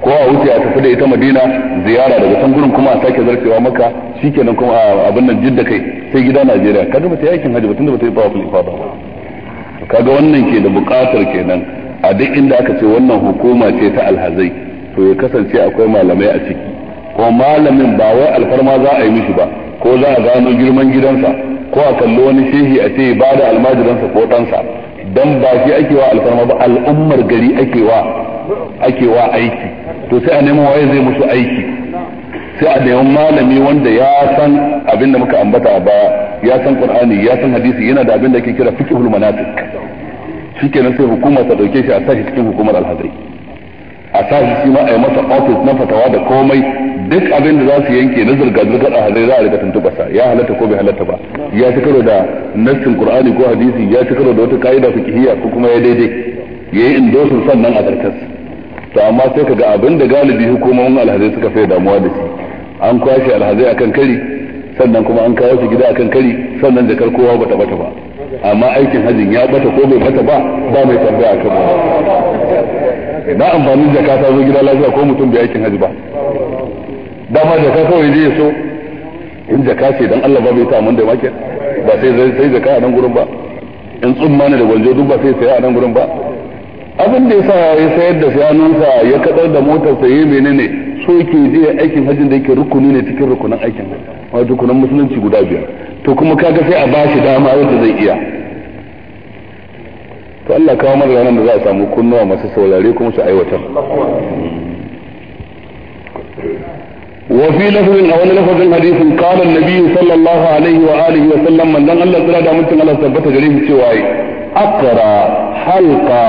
ko a wuce a tafi da ita madina ziyara daga can gurin kuma a sake zarfewa maka shikenan kuma abin nan jidda kai sai gida najeriya ka gaba ta yi aikin hajji ba tunda ba ta yi tawaful ifada ba kaga wannan ke da buƙatar kenan a duk inda aka ce wannan hukuma ce ta alhazai to ya kasance akwai malamai a ciki ko malamin ba wai alfarma za a yi mishi ba ko za a gano girman gidansa ko a kalli wani shehi a ce ba da almajiransa ko ɗansa dan ba shi ake wa alfarma ba al'ummar gari ake wa ake wa aiki to sai a neman waye zai musu aiki sai a neman malami wanda ya san abin da muka ambata ba ya san qur'ani ya san hadisi yana da abin da ke kira fiqhul manatik shikenan sai hukuma ta dauke shi a sashi cikin hukumar alhazai a sashi shi ma a yi masa office na fatawa da komai duk abin da za su yanke na zurga da alhazai za a rika tuntuba sa ya halatta ko bai halatta ba ya ci karo da nassin qur'ani ko hadisi ya ci karo da wata ka'ida fiqhiyya ko kuma ya daidai yayi endorsement sannan a karkas to amma sai kaga abin da galibi hukumomin alhazai suka fi damuwa da shi an kwashe alhazai a kan kari sannan kuma an kawo shi gida kan kari sannan jakar kowa bata bata ba amma aikin hajjin ya bata ko bai bata ba ba mai tambaya kan ba na amfanin jaka ta zo gida lafiya ko mutum bai aikin hajji ba dama jaka kawai zai so in jaka ce dan Allah ba bai ta mun da make ba sai sai jaka a nan gurin ba in tsumma ne da gwanjo duk ba sai sai a nan gurin ba abin da yasa ya sayar da shanunsa ya kadar da motar sa yayi menene so yake je aikin hajjin da yake rukuni ne cikin rukunan aikin wato kunan musulunci guda biyar to kuma kaga sai a bashi dama yadda zai iya to Allah kawo mana ranar da za a samu kunnuwa masu saurare kuma su aiwatar وفي لفظ أو لفظ حديث قال النبي صلى الله عليه وآله وسلم من دان الله تعالى دامت على ثبت جريم سواي أقرى حلقة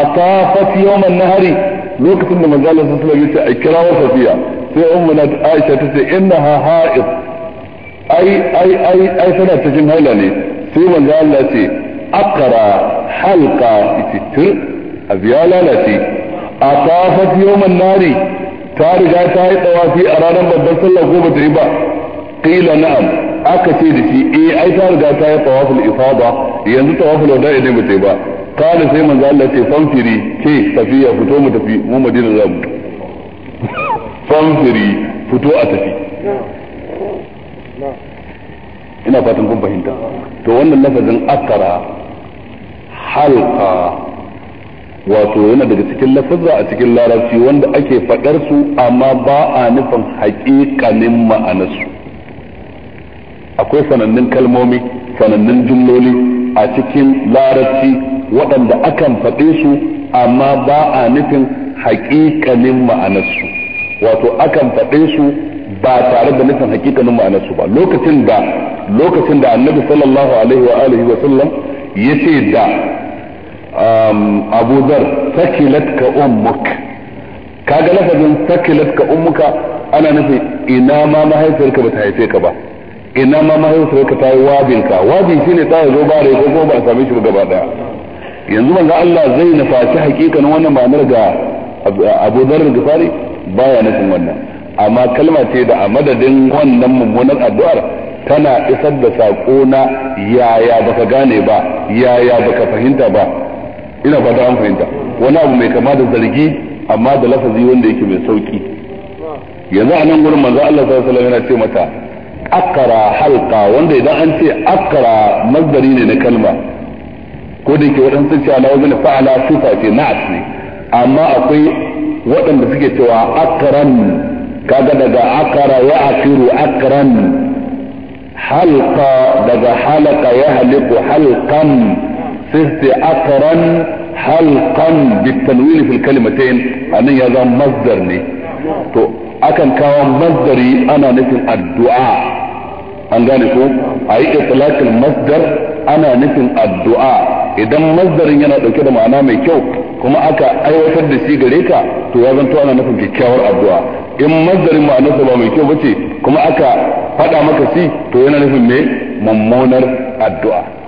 أطافت يوم النهر لوقت من قال الله صلى الله عليه وسلم إكرا وصفية في أمنا عائشة تسي إنها حائط أي أي أي أي سنة تجن هلالي في من قال الله أقرى حلقة تتر أبيالا التي أطافت يوم النهر ta riga ta yi tsawafi a ranar babban sallah ko bata yi ba qila na'am aka ce da shi eh ai ta riga ta yi tawaful ifada yanzu tawaful wada idan bata yi ba qala sai manzo Allah ce famfiri ce tafiya fito mu tafi mu madina za mu famfiri fito a tafi ina fatan kun fahimta to wannan lafazin akara halqa wato yana daga cikin lafazza a cikin larabci wanda ake faɗar su amma ba a nufin haƙiƙanin ma'anarsu akwai sanannun kalmomi sanannun jumloli a cikin larabci waɗanda akan faɗe su amma ba a nufin haƙiƙanin ma'anarsu wato akan faɗe su ba tare da nufin haƙiƙanin ma'anarsu ba lokacin da lokacin da annabi sallallahu alaihi wa alihi wa sallam yace da Um, abudar sakilat ka ummuk kaga lafazin sakilat ka ummuka ana nufin ina ma mahaifiyarka bata haife ka ba ina ma mahaifiyarka ta yi wabin ka wabin shine ta zo bare ko ko ba a same shi ba gaba daya yanzu manzo Allah zai nufaci hakikanin wannan ma'anar ga Abu Dharr baya nufin wannan amma kalma ce da a madadin wannan mummunan addu'ar tana isar da sako na yaya baka gane ba yaya baka fahimta ba ina fata an fahimta wani abu mai kama da zargi amma da lafazi wanda yake mai sauki yanzu a nan gurin manzo Allah sallallahu alaihi yana ce mata akara halqa wanda idan an ce akara mazdari ne na kalma ko da yake waɗansu cewa na wajen fa'ala sifa ce na'at ne amma akwai waɗanda suke cewa akran kaga daga akara ya akiru akran halqa daga halaka ya haliku halqan sai akaran halqan bitanwin fil kalimatayn anan ya zama masdar ne to akan kawo masdari ana nufin addu'a an gane ko a yi itlaqil masdar ana nufin addu'a idan masdarin yana dauke da ma'ana mai kyau kuma aka aiwatar da shi gare ka to ya zanto ana nufin kyakkyawar addu'a in masdarin ma'anarsa ba mai kyau bace kuma aka faɗa maka shi to yana nufin me mummunar addu'a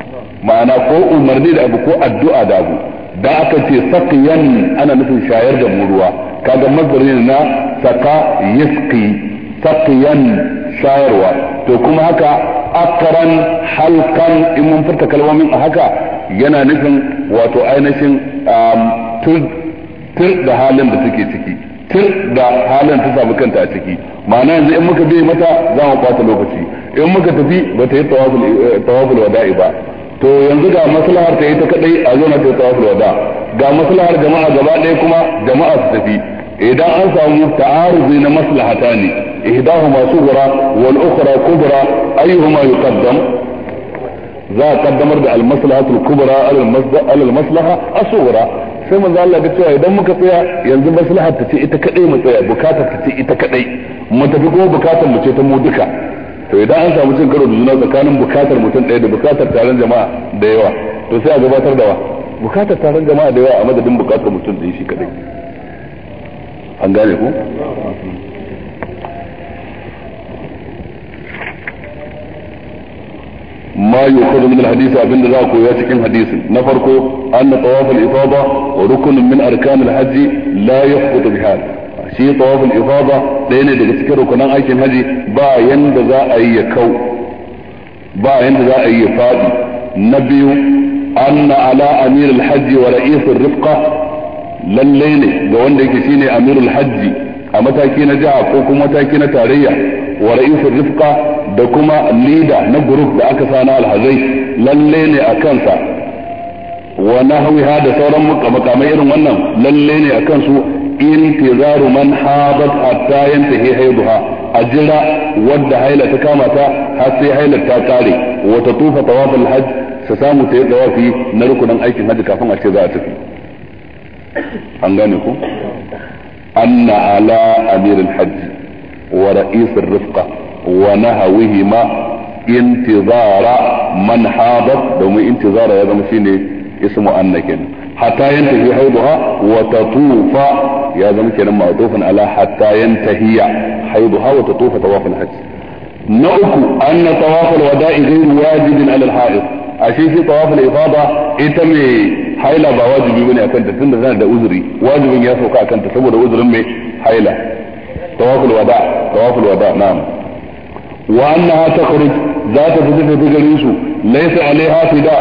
ma'ana ko umarni da abu ko addu'a da abu da aka ce saqiyan ana nufin shayar da ruwa kaga mazarin na saqa yasqi saqiyan shayarwa to kuma haka akran halkan in mun furta kalmomin a haka yana nufin wato ainihin um, tur da halin da take ciki tur da halin ta samu kanta a ciki ma'ana yanzu in muka bi mata za mu kwata lokaci in muka tafi ba ta yi tawaful eh, wada'i ba to yanzu ga maslahar ta ita kadai a zo na ta tawaful wada ga maslahar jama'a gaba ɗaya kuma jama'a su tafi idan an samu ta'aruzi na maslahata ne masu sughra wal ukhra kubra ayyuhuma yuqaddam za a kaddamar da almaslahatul kubra alal maslaha as sai manzo Allah cewa idan muka tsaya yanzu maslahar ta ce ita kadai mu tsaya bukatar ta ce ita kadai mu tafi kuma bukatar mu ce ta mu duka to idan an samu cin karo da juna tsakanin bukatar mutum ɗaya da bukatar taron jama'a da yawa to sai a gabatar da wa bukatar taron jama'a da yawa a madadin bukatar mutum ɗaya shi kaɗai, an gane ku ما يؤخذ من الحديث ابن ذاك وياتكن حديث نفرق أن طواف الإفاضة ركن من أركان الحج لا يسقط بحال shi tawaful ifada ɗaya ne daga cikin rukunan aikin haji ba yanda za a yi ya kau ba yanda za a yi ya faɗi na biyu anna ala amirul hajji wa ra'isur rifqa lalle ne ga wanda yake shine amirul hajji a mataki na jiha ko kuma mataki na tarayya wa ra'isur rifqa da kuma lida na group da aka sa na alhazai lalle ne a kansa wa nahwiha da sauran makamai irin wannan lalle ne a kansu. intizaru man habat hatta yantahi haiduha a jira wadda haila ta kama ta har sai haila ta kare wa ta tufa tawaful hajj ta samu ta yi tawafi na rukunin aikin hajji kafin a ce za a tafi an gane ku anna ala amirul hajji wa ra'isir rifqa wa nahawihima intizara man habat domin intizara ya zama shine ismu annakin hatta yantahi haiduha wa tufa. ya zama kenan ma'tufun ala hatta yantahiya haiduha wa tatufa tawaf al-hajj na uku anna tawaf al-wada'i ghayru wajibin ala al-haid ashe shi tawaf al-ifada ita me haila ba wajibi bane akan ta tunda tana da uzuri wajibin ya sauka akan ta saboda uzurin mai haila tawaf al-wada tawaf al-wada na'am wa annaha takhruj za ta fita ta garin su laysa alaiha fida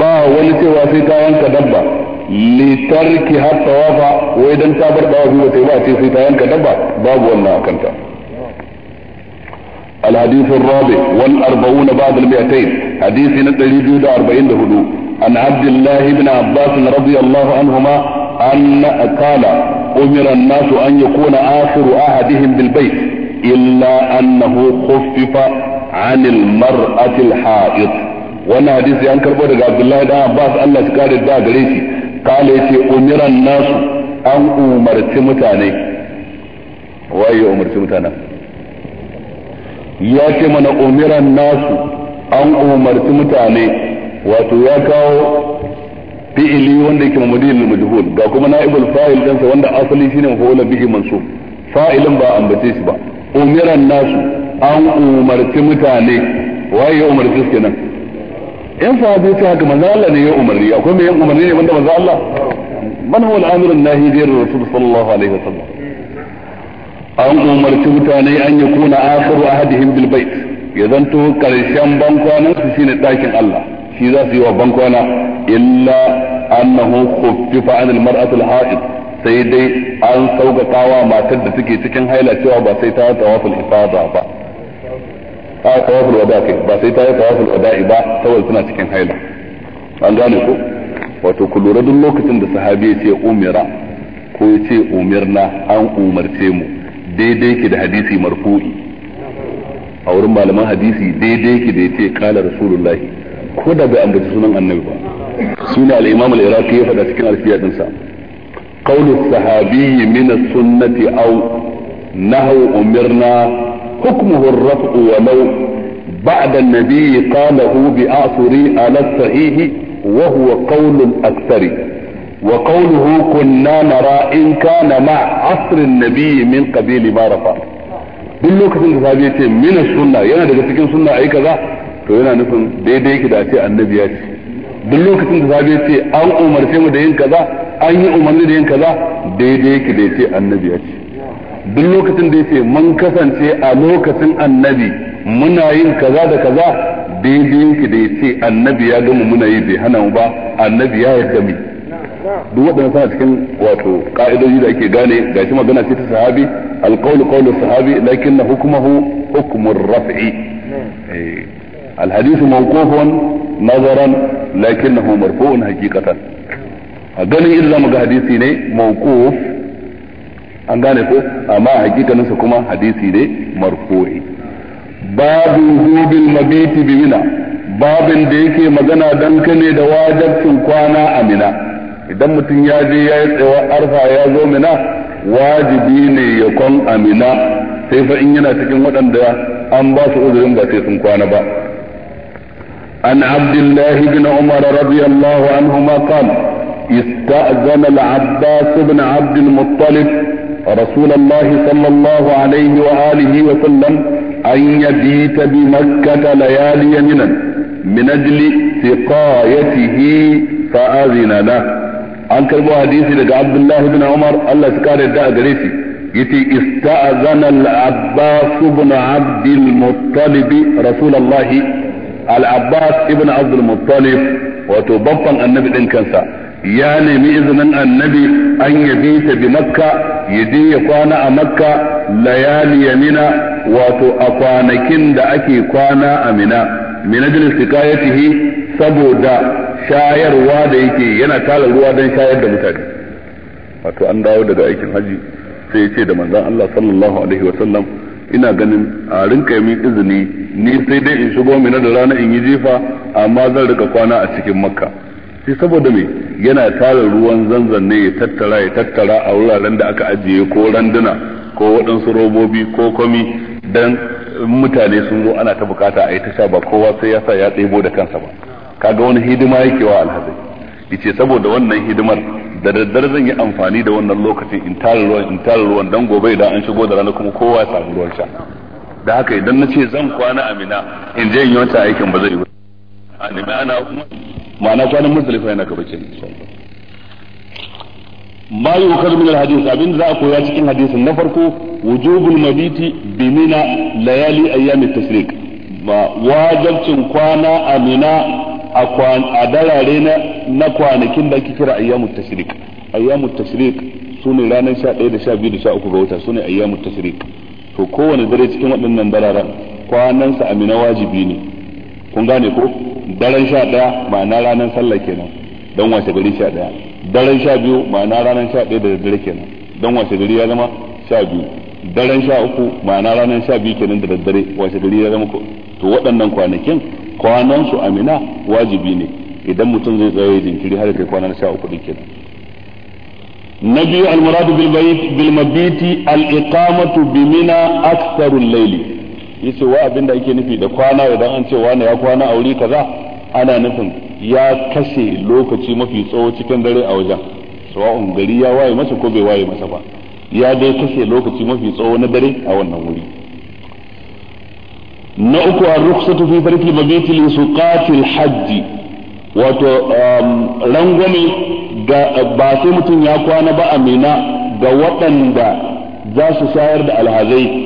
ba wani cewa sai ta yanka dabba litarki har tawafa wai dan ta bar tawafi ba ta ba ce sai ta yanka dabba babu wannan a kanta الحديث الرابع والأربعون بعد المئتين حديث نتري جود أربعين دهدو عن عبد الله بن عباس رضي الله عنهما أن قال أمر الناس أن يكون آخر أحدهم بالبيت إلا أنه خفف عن المرأة الحائط وانا حديثي أنكر بودك عبد الله بن عباس Allah ya kare da قال يتي أمر الناس أن أمرت متاني وأي أمرت متانا ياتي من أمر الناس أن أمرت متاني واتو يكاو fi'ili wanda yake mamudin al-majhul ga kuma na'ibul fa'il din sa wanda asali shine mafa'ul bihi mansub fa'ilin ba ambace shi ba umiran nasu an umarci mutane waye ya umarci su kenan in sahabi sai haka manzo Allah ne ya umarni akwai mai yin umarni ne wanda manzo Allah man huwa al-amir an-nahi da rasul sallallahu alaihi wasallam an umarci mutane an yi kuna akhiru ahadihim bil bait ya zanto karshen bankwanan su shine dakin Allah shi za su yi wa bankwana illa annahu khuffifa an al-mar'at al-haid sai dai an sauƙaƙawa matar da take cikin haila cewa ba sai ta tawaful ifada ba a tawaful wada kai ba sai ta yi tawaful wada ba saboda suna cikin haila an gane ko wato ku lura duk lokacin da sahabi ya ce umira ko ya umirna an umarce mu daidai ki da hadisi marfu'i a wurin malaman hadisi daidai ki da ya ce kala rasulullahi ko da bai ambaci sunan annabi ba suna al-imam al-iraqi ya faɗa cikin alfiya dinsa qawlu sahabi min as-sunnati aw nahu umirna حكمه الرفع ولو بعد النبي قاله بأعثري على الصحيح وهو قول الأكثر وقوله كنا نرى إن كان مع عصر النبي من قبيل ما رفع duk lokacin da sahabi ya ce mina sunna yana daga cikin sunna ai kaza to yana nufin daidai yake da ce annabi ya ce duk lokacin da sahabi ya ce an umarce mu da yin kaza an yi umarni da yin kaza daidai yake da ce annabi ya ce duk lokacin da yake mun kasance a lokacin annabi muna yin kaza da kaza daidai ki da yace annabi ya gama muna yi bai hana mu ba annabi ya yarda mu duk waɗannan suna cikin wato ka'idoji da ake gane gashi magana ce ta sahabi alqawlu qawlu sahabi lakinna hukmuhu hukmu raf'i الحديث موقوف نظرا لكنه مرفوع حقيقة أقل إلا مقا حديثي موقوف an gane ko amma a hakikaninsa kuma hadisi ne marfu'i babu hubil mabiti bi mina babin da yake magana dankane da wajabcin kwana a mina idan mutum ya je ya yi tsawon arfa ya zo mina wajibi ne ya kwan a mina sai fa in yana cikin waɗanda an ba su uzurin ba sai sun kwana ba an abdullahi bin umar radiyallahu anhu ma qala abbas ibn abd al-muttalib رسول الله صلى الله عليه وآله وسلم أن يبيت بمكة ليالي منا من أجل سقايته فأذن له an karbo hadisi daga Abdullah bin Umar Allah ya kare da gare shi yace ista'zana al-Abbas ibn Abd al-Muttalib Rasulullah ibn Abd al wato baffan annabi ɗinkansa. ya nemi izinin annabi an yabi ta bi makka ya je ya kwana a makka layali yamina wato a kwanakin da ake kwana a mina min ajli istiqayatihi saboda shayarwa da yake yana tala ruwa don shayar da mutane wato an dawo daga aikin haji sai ya ce da manzon Allah sallallahu alaihi wa sallam ina ganin a rinka yi min izini ni sai dai in shigo mina da rana in yi jifa amma zan rika kwana a cikin makka sai saboda me yana tara ruwan zanzan ne ya tattara ya tattara a wuraren da aka ajiye ko randuna ko waɗansu robobi ko komi dan mutane sun zo ana ta bukata a yi ta sha ba kowa sai ya sa ya tsebo da kansa ba kaga wani hidima yake wa alhazai yace saboda wannan hidimar da daddare zan yi amfani da wannan lokacin in tara ruwan in tara ruwan dan gobe idan an shigo da rana kuma kowa ya samu ruwan sha da haka idan na ce zan kwana a in je in yi wancan aikin ba zai yi ba a nemi ana kuma ma'ana kwanan muzdalifa yana gaba ba yi wukar min alhadith abin da za a koya cikin hadisin na farko wujubul mabiti bi mina layali ayyamit tashrik ba wajabcin kwana a mina a darare na kwanakin da ake kira ayyamut tashrik ayyamut tashrik sune ranar 11 da 12 da 13 ga wata sune ayyamut tashrik to kowane dare cikin waɗannan dararen kwanansa a mina wajibi ne kun gane ko daren sha ɗaya ma'ana ranar sallah kenan don washe gari sha ɗaya daren sha biyu ma'ana ranar sha ɗaya da daddare kenan don washe gari ya zama sha biyu daren sha uku ma'ana ranar sha biyu kenan da daddare washe gari ya zama ko to waɗannan kwanakin kwanan su amina wajibi ne idan mutum zai tsaye jinkiri har kai kwanan sha uku din kenan na biyu almuradu bil mabiti al iqamatu bi yace wa abinda ake nufi da kwana idan an ce wani ya kwana a wuri kaza ana nufin ya kashe lokaci mafi tsawo cikin dare a wajen sawa'un gari ya waye masa ko bai waye masa ba ya dai kashe lokaci mafi tsawo na dare a wannan wuri na uku a rukhsatu fi tarki mabiti li suqatil hajj wato um, rangwame ba sai mutum ya kwana ba a mina ga waɗanda za su shayar da alhazai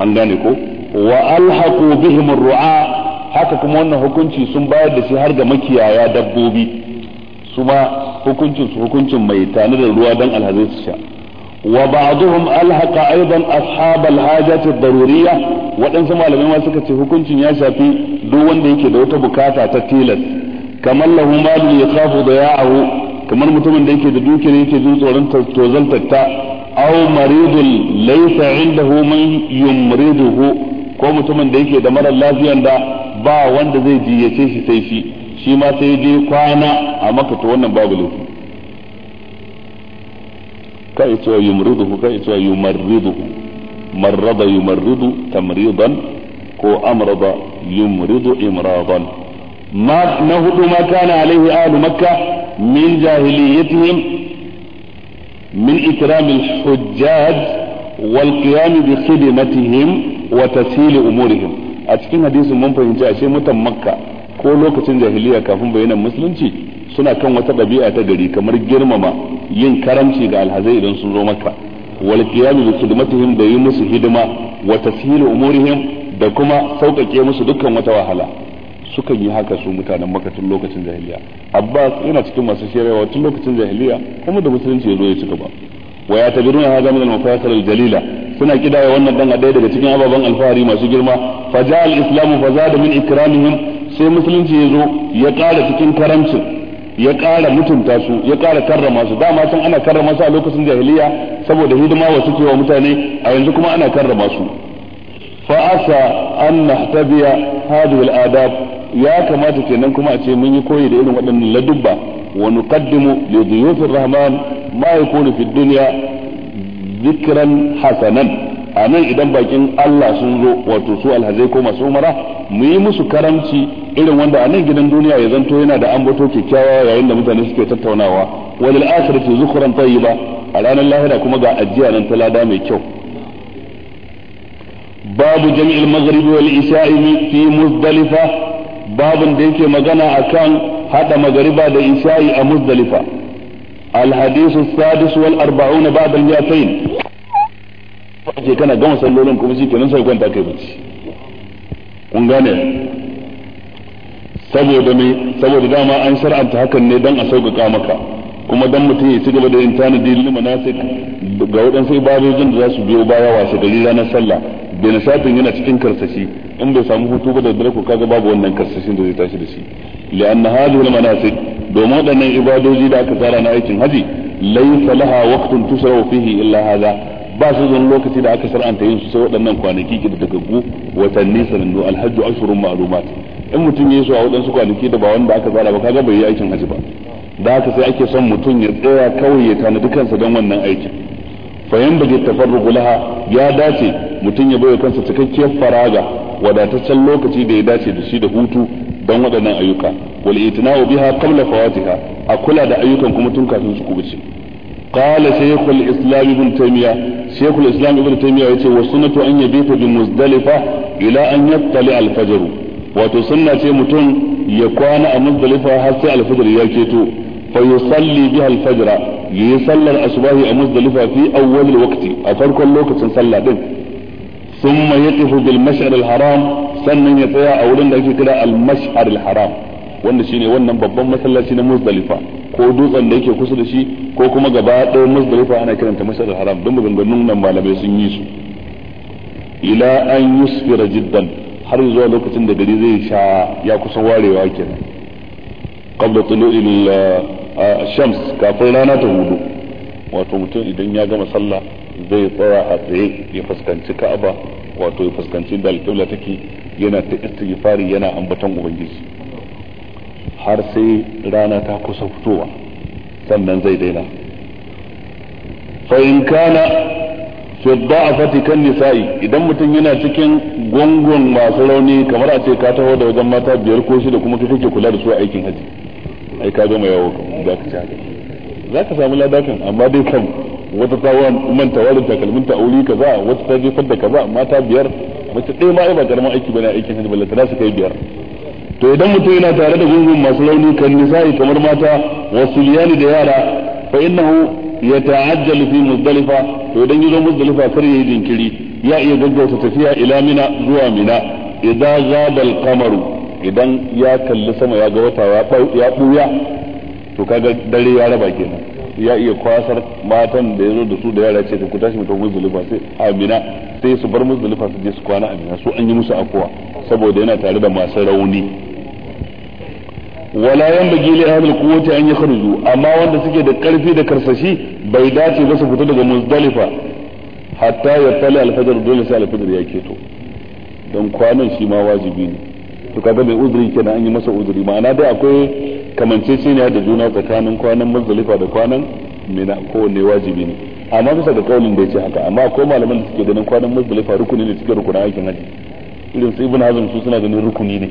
an gane ko wa alhaqu bihim rua haka kuma wannan hukunci sun bayar da shi har ga makiyaya dabbobi su ma hukuncin su hukuncin mai tani da ruwa dan alhazai su sha wa ba'dhum alhaqa aidan ashab alhajat ad-daruriyya waɗansu malamai ma suka ce hukuncin ya shafi duk wanda yake da wata bukata ta tilas kamar lahu malun yakhafu daya'ahu kamar mutumin da yake da dukiyar yake jin tsoron tozaltarta aw maridun da indahu man yumriduhu ko mutumin da yake da mara lafiyan da ba wanda zai jiyace shi sai shi shi ma sai je kwana a maka to wannan babu laifi ka ita yumriduhu ka ita yumarriduhu marrada yumarridu tamridan ko ما نهض ما كان عليه أهل مكة من جاهليتهم من إكرام الحجاج والقيام بخدمتهم وتسهيل أمورهم أتكين حديث من fahimci أشياء mutan مكة ko lokacin jahiliya kafin bayanan musulunci suna kan wata ɗabi'a ta gari kamar girmama yin karamci ga alhazai idan sun zo maka wal qiyam bi khidmatihim da yi musu hidima wa tashilu umurihim da kuma sauƙaƙe musu dukkan wata wahala sukan yi haka su mutanen maka tun lokacin jahiliya abbas yana cikin masu shirawa tun lokacin jahiliya kuma da musulunci ya zo ya ci gaba wa ya tabirun hada min al-mafasir jalila suna kidaya wannan dan adai daga cikin ababen alfahari masu girma faja al-islamu faza da min ikramihim sai musulunci ya zo ya kara cikin karamcin ya kara mutunta su ya kara karrama su dama can ana karrama su a lokacin jahiliya saboda hidima wa suke wa mutane a yanzu kuma ana karrama su fa asa an nahtabiya hadhihi al-adab ya kamata kenan kuma a ce mun yi koyi da irin waɗannan ladubba wa nuqaddimu li dhuyufir rahman ma yakunu fi dunya zikran hasanan anan idan bakin Allah sun zo wato su alhazai ko masu umara mu yi musu karamci irin wanda nan gidan duniya ya zanto yana da ambato kyakkyawa yayin da mutane suke tattaunawa walil akhirati yi tayyiba a ranar lahira kuma ga ajiya nan ta lada mai kyau babu باب جمع wal isha'i fi muzdalifa babin da yake magana a kan hada magariba da isha'i a muzdalifa الحديث السادس والأربعون بعد المئتين ke kana gama sallolin kuma shi kenan sai kwanta kai bacci kun gane saboda me saboda dama an shar'anta hakan ne dan a sauƙaƙa maka kuma dan mutum ya ci gaba da yin tanadi lil manasik ga waɗansu ibadojin da za su biyo baya washe gari ranar sallah da lissafin yana cikin karsashi in bai samu hutu ba da dare ko kaga babu wannan karsashin da zai tashi da shi li'an hadhihi al-manasik domin waɗannan ibadoji da aka tsara na aikin haji laysa laha waqtun tusra fihi illa hadha ba su zan lokaci da aka sar'anta yin su sai waɗannan kwanaki ki da gaggu watanni sanannu alhajju ashurun ma'lumat in mutum ya so a waɗansu kwanaki da ba wanda aka tsara ba kaga bai yi aikin haji ba da haka sai ake son mutum ya tsaya kawai ya tanadi kansa don wannan aikin fayan bage tafarruqu laha ya dace mutum ya baiwa kansa cikakkiyar faraga wadataccen lokaci da ya dace da shi da hutu don waɗannan ayyuka wal itina'u biha qabla fawatiha a kula da ayyukan kuma tun kafin su kubuce qala shaykhul islam ibn taymiya shaykhul islam ibn taymiya yace wa sunnatu an yabita bi muzdalifa ila an yattali al fajr wato sunna ce mutum ya kwana a muzdalifa har sai al fajr ya keto fa yusalli biha al fajr yi sallar asubahi a muzdalifa fi awwal waqti a farkon lokacin sallah din thumma yaqifu bil mash'ar al haram sannan ya tsaya a wurin da ake kira al mash'ar al haram wanda shine wannan babban masallaci na Muzdalifa ko dutsen da yake kusa da shi ko kuma gaba ɗaya Muzdalifa ana kiranta mash'ar al haram don maganganun nan malamai sun yi su ila an yusfira jiddan har zuwa lokacin da gari zai sha ya kusa warewa kenan qabla tulu'il shams kafin rana ta hudu wato mutum idan ya gama sallah zai tsara a tsaye ya fuskanci ka'aba wato ya fuskanci da alƙibla take yana ta istighfari yana ambaton ubangiji har sai rana ta kusa fitowa sannan zai daina fa in kana fi da'afati kan nisa'i idan mutum yana cikin gungun masu rauni kamar a ce ka taho da wajen mata biyar ko shida kuma kai kake kula da su a aikin haji ai ka gama yawo ga ka ci za ka samu ladakan amma dai kan wata ta manta warin takalmin ta aure kaza wata ta jefar da kaza mata biyar mace ɗaya ma ba karamin aiki bane aikin hajji ballata na su kai biyar to idan mutum yana tare da gungun masu launi kan nisa'i kamar mata wasu liyani da yara fa innahu yata'ajjalu fi muzdalifa to idan yazo muzdalifa kar yayi jinkiri ya iya gaggauta tafiya ila mina zuwa mina idan ghaba qamaru idan ya kalli sama ya ga wata ya buya to kaga dare ya raba kenan ya iya kwasar matan da ya zo da su da yara ce ku tashi mutum muzdalifa sai amina sai su bar muzdalifa su je su kwana amina su an yi musu akuwa saboda yana tare da masu rauni wala bagi li ahli quwwati an yakhruju amma wanda suke da karfi da karsashi bai dace ba su fita daga muzdalifa hatta ya tala alfajar dole sai alfajar ya keto don kwanan shi ma wajibi ne to kaga mai uzuri kenan an yi masa uzuri ma'ana dai akwai kamanceceniya da juna tsakanin kwanan mazalifa da kwanan mina ne wajibi ne amma bisa ga kaulin da yace haka amma ko malaman da suke ganin kwanan mazalifa rukuni ne cikin rukunin aikin haji irin su ibn hazm su suna ganin rukuni ne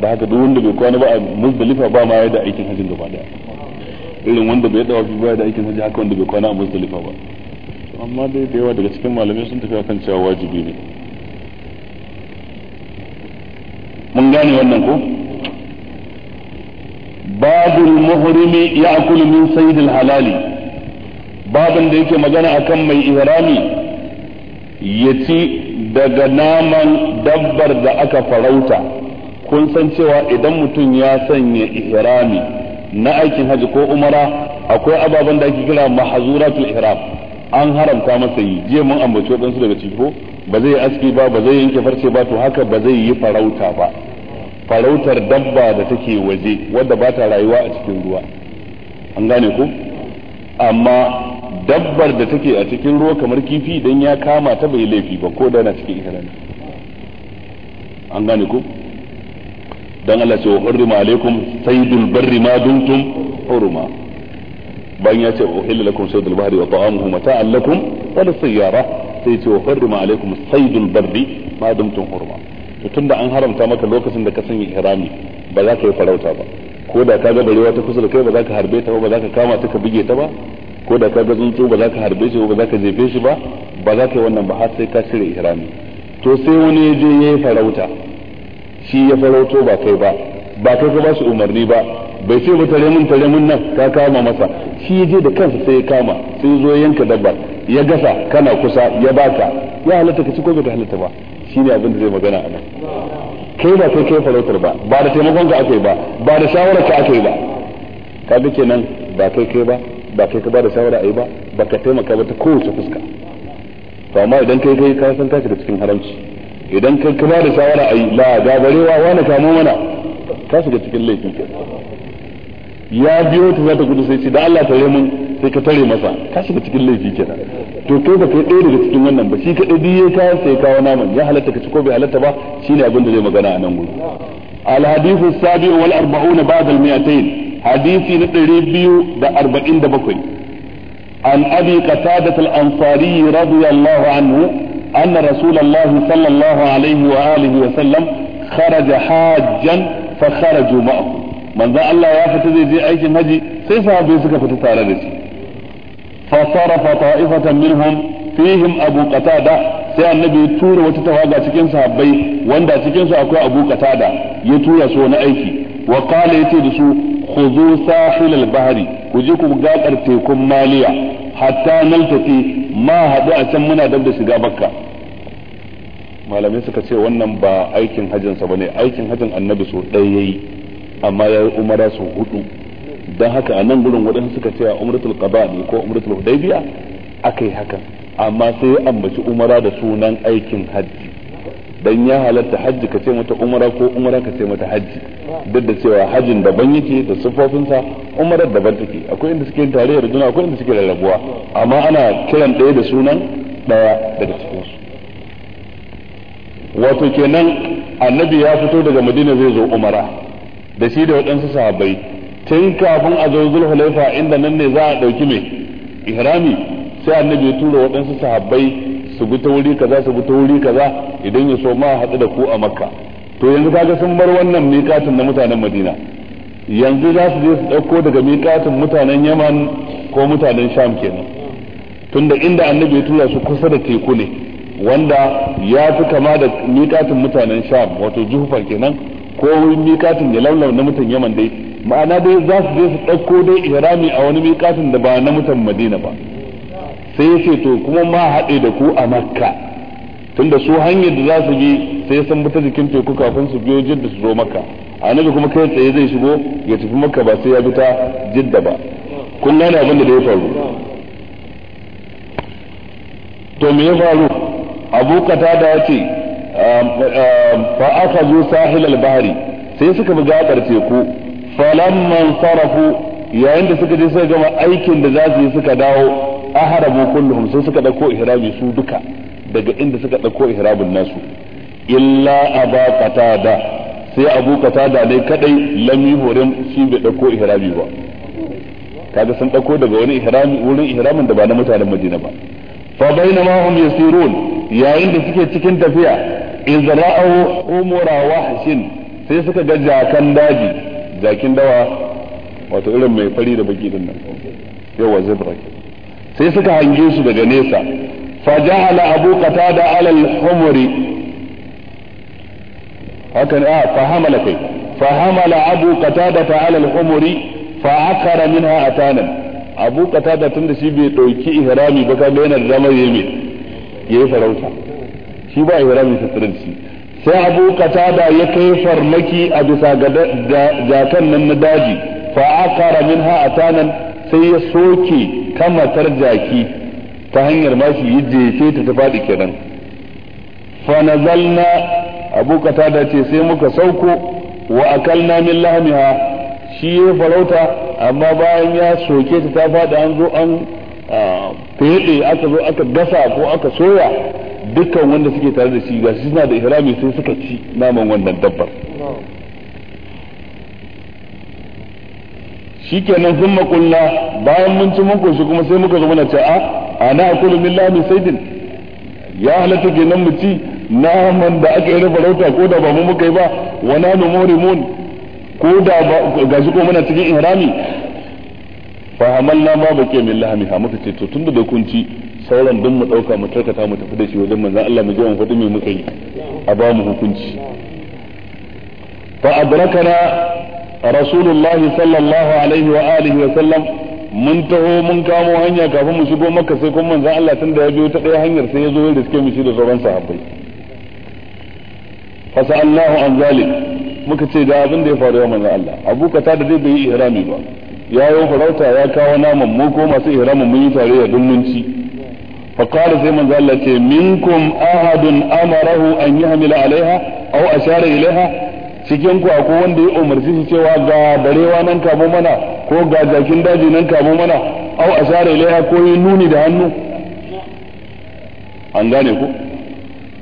da haka duk wanda bai kwana ba a mazalifa ba ma ya da aikin hajjin gaba daya irin wanda bai dawa ba da aikin haji haka wanda bai kwana a mazalifa ba amma dai da yawa daga cikin malamai sun tafi akan cewa wajibi ne mun gane wannan ko babul muhrimi ya'kulu min sayyidil halali babin da yake magana akan mai ihrami ya ci daga naman dabbar da aka farauta kun san cewa idan mutum ya sanya ihrami na aikin haji ko umara akwai ababen da ake kira mahazuratul ihram an haramta masa yi jiya mun ambaci waɗansu daga ciki ko ba zai aski ba ba zai yanke farce ba to haka ba zai yi farauta ba farautar dabba da take waje wadda ba ta rayuwa a cikin ruwa an gane ku amma dabbar da take a cikin ruwa kamar kifi idan ya kama ta bai laifi ba ko da na cikin ne an gane ku dan Allah ce wa hurrima alaikum saydul barri ma dumtum hurma bayan ya ce wa uhilla lakum saydul bahri wa ta'amuhu mata'an lakum wa lis-sayyara sai ce wa hurrima alaikum saydul barri ma dumtum hurma to tunda an haramta maka lokacin da ka sanya ihrami ba za ka yi farauta ba ko da ka ga barewa ta kusa da kai ba za ka harbe ta ba ba za ka kama ta ka buge ta ba ko da ka ga tsuntsu ba za ka harbe shi ba za ka jefe shi ba ba za ka yi wannan ba har sai ka cire ihrami to sai wani ya je ya yi farauta shi ya farauto ba kai ba ba kai ka ba shi umarni ba bai ce ba tare mun tare mun nan ka kama masa shi ya je da kansa sai ya kama sai zo yanka dabba ya gasa kana kusa ya baka ya halatta ka ci ko bai halatta ba ne abin da zai magana a nan kai ba kai kai farautar ba ba da taimakon ka akai ba ba da shawara ka akai ba kaga kenan ba kai kai ba ba kai ka ba da shawara ai ba ba ka taimaka ba ta kowace fuska to amma idan kai kai ka san ka shiga cikin haramci idan kai ka ba da shawara ai la gabarewa wani kamo mana ka shiga cikin laifin kenan ya biyo ta za ta gudu sai ce da Allah tare mun sai ka tare masa ka shiga cikin laifi kenan to kai ba kai ɗaya daga cikin wannan ba shi kaɗai biye ka sai kawo naman ya halatta ka ci ko bai halatta ba shi ne abin da zai magana a nan gudu الحديث السابع والأربعون hadisi المئتين حديث نتريبيو دا أربعين دا بكوي عن أبي قتادة الأنصاري رضي الله عنه أن رسول الله صلى الله عليه وآله وسلم خرج حاجا فخرجوا معه manzon Allah ya fita zai je aikin haji sai sahabbai suka fita tare da shi fasara sarafa ifatan minhum fihim abu qatada sai annabi ya tura wata tawaga cikin sahabbai wanda cikin su akwai abu qatada ya tura su wani aiki wa qala yace da su khudhu sahil al-bahri ku je ku gaƙar tekun maliya hatta naltaqi ma haɗu a can muna dab da shiga bakka malamai suka ce wannan ba aikin hajjinsa ba ne aikin hajjin annabi so ɗaya yayi amma ya yi umara su hudu don haka a nan gudun waɗansu suka ce a umaratul qaba ne ko umaratul hudaybiya aka yi hakan amma sai ya ambaci umara da sunan aikin hajji dan ya halatta hajji ka ce mata umara ko umara ka ce mata hajji duk da cewa hajjin daban yake da siffofinsa umarar daban take akwai inda suke tare da juna akwai inda suke rarrabuwa amma ana kiran ɗaya da sunan ɗaya daga cikinsu wato kenan annabi ya fito daga madina zai zo umara da shi da waɗansu sahabbai tun kafin a zo zulhulaifa inda nan ne za a ɗauki mai ihrami sai annabi ya tura waɗansu sahabbai su bi ta wuri kaza su bi ta wuri kaza idan ya so ma haɗu da ku a makka to yanzu kaga sun bar wannan miƙatin na mutanen madina yanzu za su je su ɗauko daga miƙatin mutanen yaman ko mutanen sham kenan tunda inda annabi ya tura su kusa da teku ne wanda ya fi kama da miƙatin mutanen sham wato juhufar kenan ko mikatin da laulau na mutan yaman dai ma'ana dai za su je su ɗauko dai ihrami a wani mikatin da ba na mutan madina ba sai ce to kuma ma haɗe da ku a makka tunda su hanyar da za su bi sai sun bi ta jikin teku kafin su biyo jidda su zo makka annabi kuma kai tsaye zai shigo ya tafi makka ba sai ya bi ta jidda ba kun gane abin da ya faru to me ya faru abu kata da ya ce fa zo sahil al-bahri sai suka bi gabar teku falamman sarafu yayin da suka je suka gama aikin da za su yi suka dawo ahrabu kulluhum sai suka dauko ihrabi su duka daga inda suka dauko ihrabin nasu illa aba qatada sai abu qatada ne kadai lami horin shi bai dauko ihrabi ba kaga sun dauko daga wani ihrami wurin ihramin da ba na mutanen Madina ba fa bainama hum yasirun yayin da suke cikin tafiya iz ra'aw umura wahshin sai suka ga jakan daji jakin dawa wato irin mai fari da baki din nan yawa zebra sai suka hange su daga nesa fajahala abu qatada ala al-humri hakan a ah, fahamala kai fahamala abu qatada ala al-humri fa akara minha atanan abu qatada tunda shi bai dauki ihrami ba kaga yana da zama yayi ya yi farauta shi ba ihrami tattare shi sai abu katada ya kai farmaki a bisa ga jakan nan na daji fa akara ha'ata nan sai ya soke kamatar jaki ta hanyar mashi yi jefe ta ta faɗi kenan fa nazalna abu katada ce sai muka sauko wa akalna min lahmiha shi ya farauta amma bayan ya soke ta ta faɗi an zo an fiye aka zo aka gasa ko aka soya dukkan wanda suke tare da shi ga shi suna da ihrami sai suka ci naman wannan dabbar shikenan sun makulla bayan mun ci mun koshi kuma sai muka zo muna ce a ah, ana akulu min sai saidin ya halatta kenan mu ci naman da aka yi farauta ko da ba mu muka yi ba wa nanu murimun ko da ga gashi ko muna cikin ihrami fa hamalna ma baqiya min lahmiha muka ce to tunda da kunci sauran dun mu dauka mu tarkata mu tafi da shi wajen manzon Allah mu je mu faɗi me muka yi a ba mu hukunci fa adrakana rasulullahi sallallahu alaihi wa alihi wa sallam mun taho mun kamo hanya kafin mu shigo makka sai kuma manzon Allah tunda ya biyo ta ɗaya hanyar sai ya zo ya suke mu shi da sauran sahabbai fa sa'alnahu an zalik muka ce da abin da ya faru ya manzon Allah abu kata da zai bai ihrami ba ya yi farauta ya kawo naman mu ko masu ihramin mun yi tare da dummunci fa qala sai manzo Allah ce minkum ahadun amarahu an yahmila alaiha aw ashara ilaiha cikin ku akwai wanda ya umarci shi cewa ga barewa nan kamo mana ko ga jakin daji nan kamo mana aw ashara ilaiha ko yi nuni da hannu an gane ku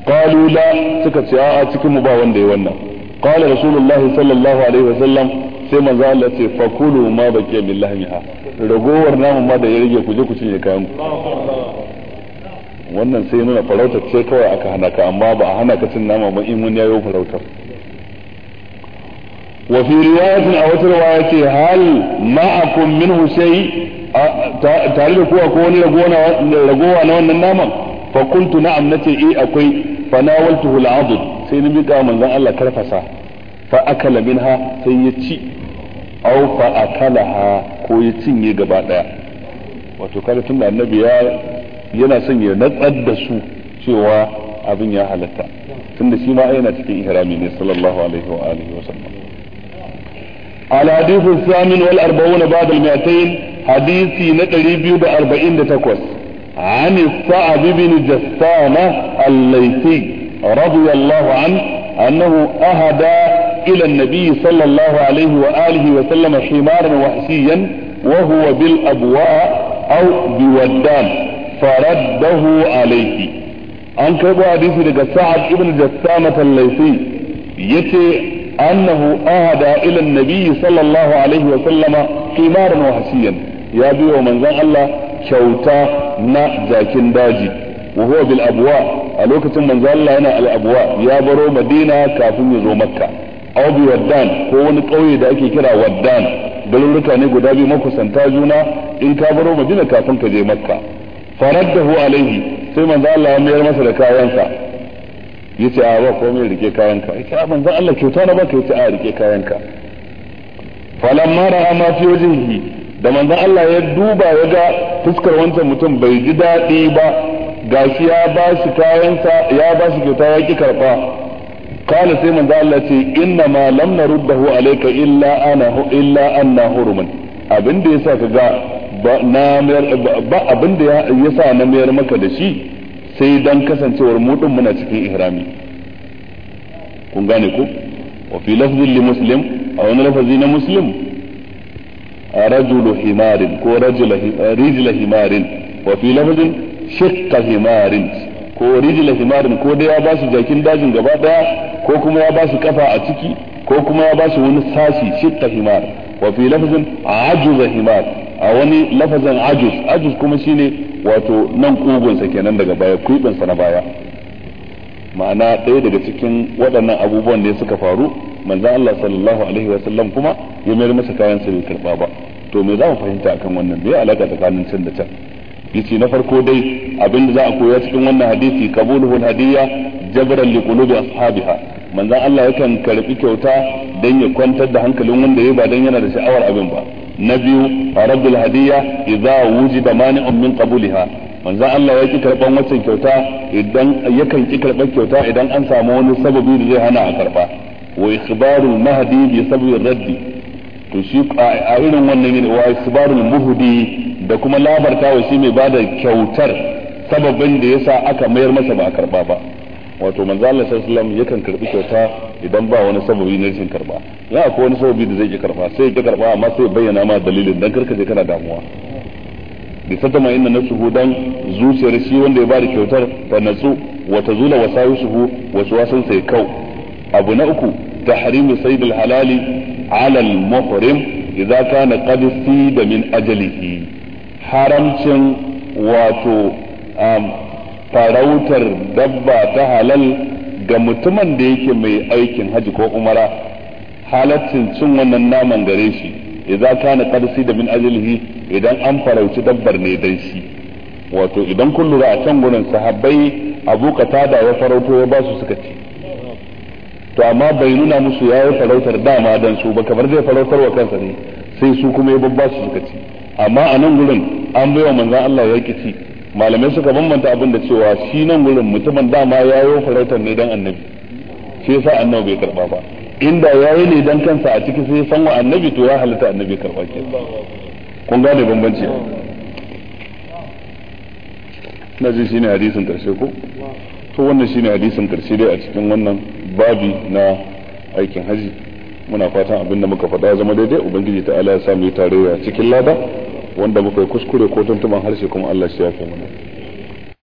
qalu la suka ce a cikin mu ba wanda ya wannan qala rasulullahi sallallahu alaihi wasallam sai manzo Allah ce fakulu ma baqiya min lahmiha ragowar namun ma da ya rage ku je ku cinye kayan ku wannan sai nuna farautar ce kawai aka hana ka amma ba a hana ka cin nama ba in wani yayo farautar wa fi riwayatin a wata riwaya ce hal ma'akum minhu shay tare da kowa ko wani ragowa na wannan naman fa kuntu na'am nace eh akwai fa nawaltuhu al'adud sai ni miƙa manzon Allah karfasa fa akala minha sai ya ci aw fa akalaha ko ya cinye gaba daya wato kada tun da annabi ya yana son ya natsar da su cewa abin ya halatta tunda shi ma yana cikin ihrami ne sallallahu alaihi wa alihi wa sallam الحديث الثامن والأربعون بعد المئتين حديثي نقري بيود أربعين تكوس عن الصعب بن جسامة الليثي رضي الله عنه أنه أهدى إلى النبي صلى الله عليه وآله وسلم حمارا وحشيا وهو بالأبواء أو بودان فرده عليه an karbo hadisi daga sa'ad ibn jassama al-laythi yace annahu ahada ila an-nabi sallallahu alaihi wa sallama qimaran wa hasiyan ya biyo manzon Allah kyauta na jakin daji wa bil abwa a lokacin manzon Allah yana al abwa ya baro Madina kafin ya zo Makka abu waddan ko wani ƙauye da ake kira waddan garuruka ne guda biyu makusanta juna in ka baro madina kafin ka je makka faraddahu alaihi sai manzo Allah ya mayar masa da kayansa yace a ba komai rike kayanka yace a manzo Allah kyauta na baka yace a rike kayanka falamma ra'a ma fi wajhihi da manzo Allah ya duba ya ga fuskar wancan mutum bai ji daɗi ba gashi ya ba shi kayansa ya ba shi kyauta ya ki karba قال سيما ذا التي إنما لم نرده عليك إلا أنا إلا أنا هرما abin da yasa ka ga ba abin da yasa na mayar maka da shi sai dan kasancewar mu din muna cikin ihrami kun gane ko wa fi lafzin li muslim a wani lafazi na muslim ko wa fi himarin ko rijila himarin ko dai ya ba jakin dajin gaba daya ko kuma ya basu kafa a ciki ko kuma ya basu su wani sashi shitta himar wa fi lafazin ajuz himar a wani lafazin ajuz ajuz kuma shine wato nan kugunsa kenan daga baya sa na baya ma'ana ɗaya daga cikin waɗannan abubuwan da suka faru manzon Allah sallallahu alaihi wa sallam kuma ya mayar masa kayan sa bai karba ba to me za mu fahimta akan wannan me alaka tsakanin can da can yace na farko dai abinda za a koya cikin wannan hadisi qabuluhul hadiyya jabran liqulubi ashabiha manzon Allah yakan karbi kyauta dan ya kwantar da hankalin wanda yayi ba dan yana da sha'awar abin ba na biyu raddul hadiyya idza wujida mani'un min qabulha manzon Allah ya ki karban wancan kyauta idan yakan ki karban kyauta idan an samu wani sababi da zai hana a karba wa ikhbarul mahdi bi sababi raddi to shi a irin wannan ne wa ikhbarul muhdi da kuma labarta wa shi mai da kyautar sababin da yasa aka mayar masa ba a karba ba wato manzo Allah sallallahu alaihi wasallam yakan karbi kyauta idan ba wani sababi na rashin karba ya akwai wani sababi da zai ki karba sai ki karba amma sai bayyana ma dalilin dan karka je kana damuwa bi sadama inna nafsuhu dan zuciyar shi wanda ya bada kyautar ta natsu wa tazula wasayusuhu wasu wasan sai kau abu na uku tahrimu saydil halali ala al muhrim idza kana qad sida min ajalihi haramcin wato um, farautar dabba ta halal ga mutumin da yake mai aikin haji ko umara halaccin cin wannan naman gare shi idan kana karsi da min ajalihi idan an farauci dabbar ne dan shi wato idan kun lura a can gurin sahabbai abu da ya farauto ya su suka ci to amma bai nuna musu ya yi farautar dama dan su ba kamar zai farautar wa kansa ne sai su kuma ya babba su suka ci amma a nan gurin an baiwa manzan Allah kici malamai suka bambanta abin da cewa shi nan gurin mutumin dama ya yi farautar ne dan annabi shi yasa annabi bai karba ba inda ya yi ne dan kansa a ciki sai san wa annabi to ya halitta annabi karba ke kun gane bambanci na ji shine hadisin karshe ko to wannan shine hadisin karshe dai a cikin wannan babi na aikin haji muna fatan abin da muka faɗa zama daidai ubangiji ta ala ya sami mu yi tarayya cikin lada wanda muka yi kuskure ko tuntuman harshe kuma Allah shi ya fi mana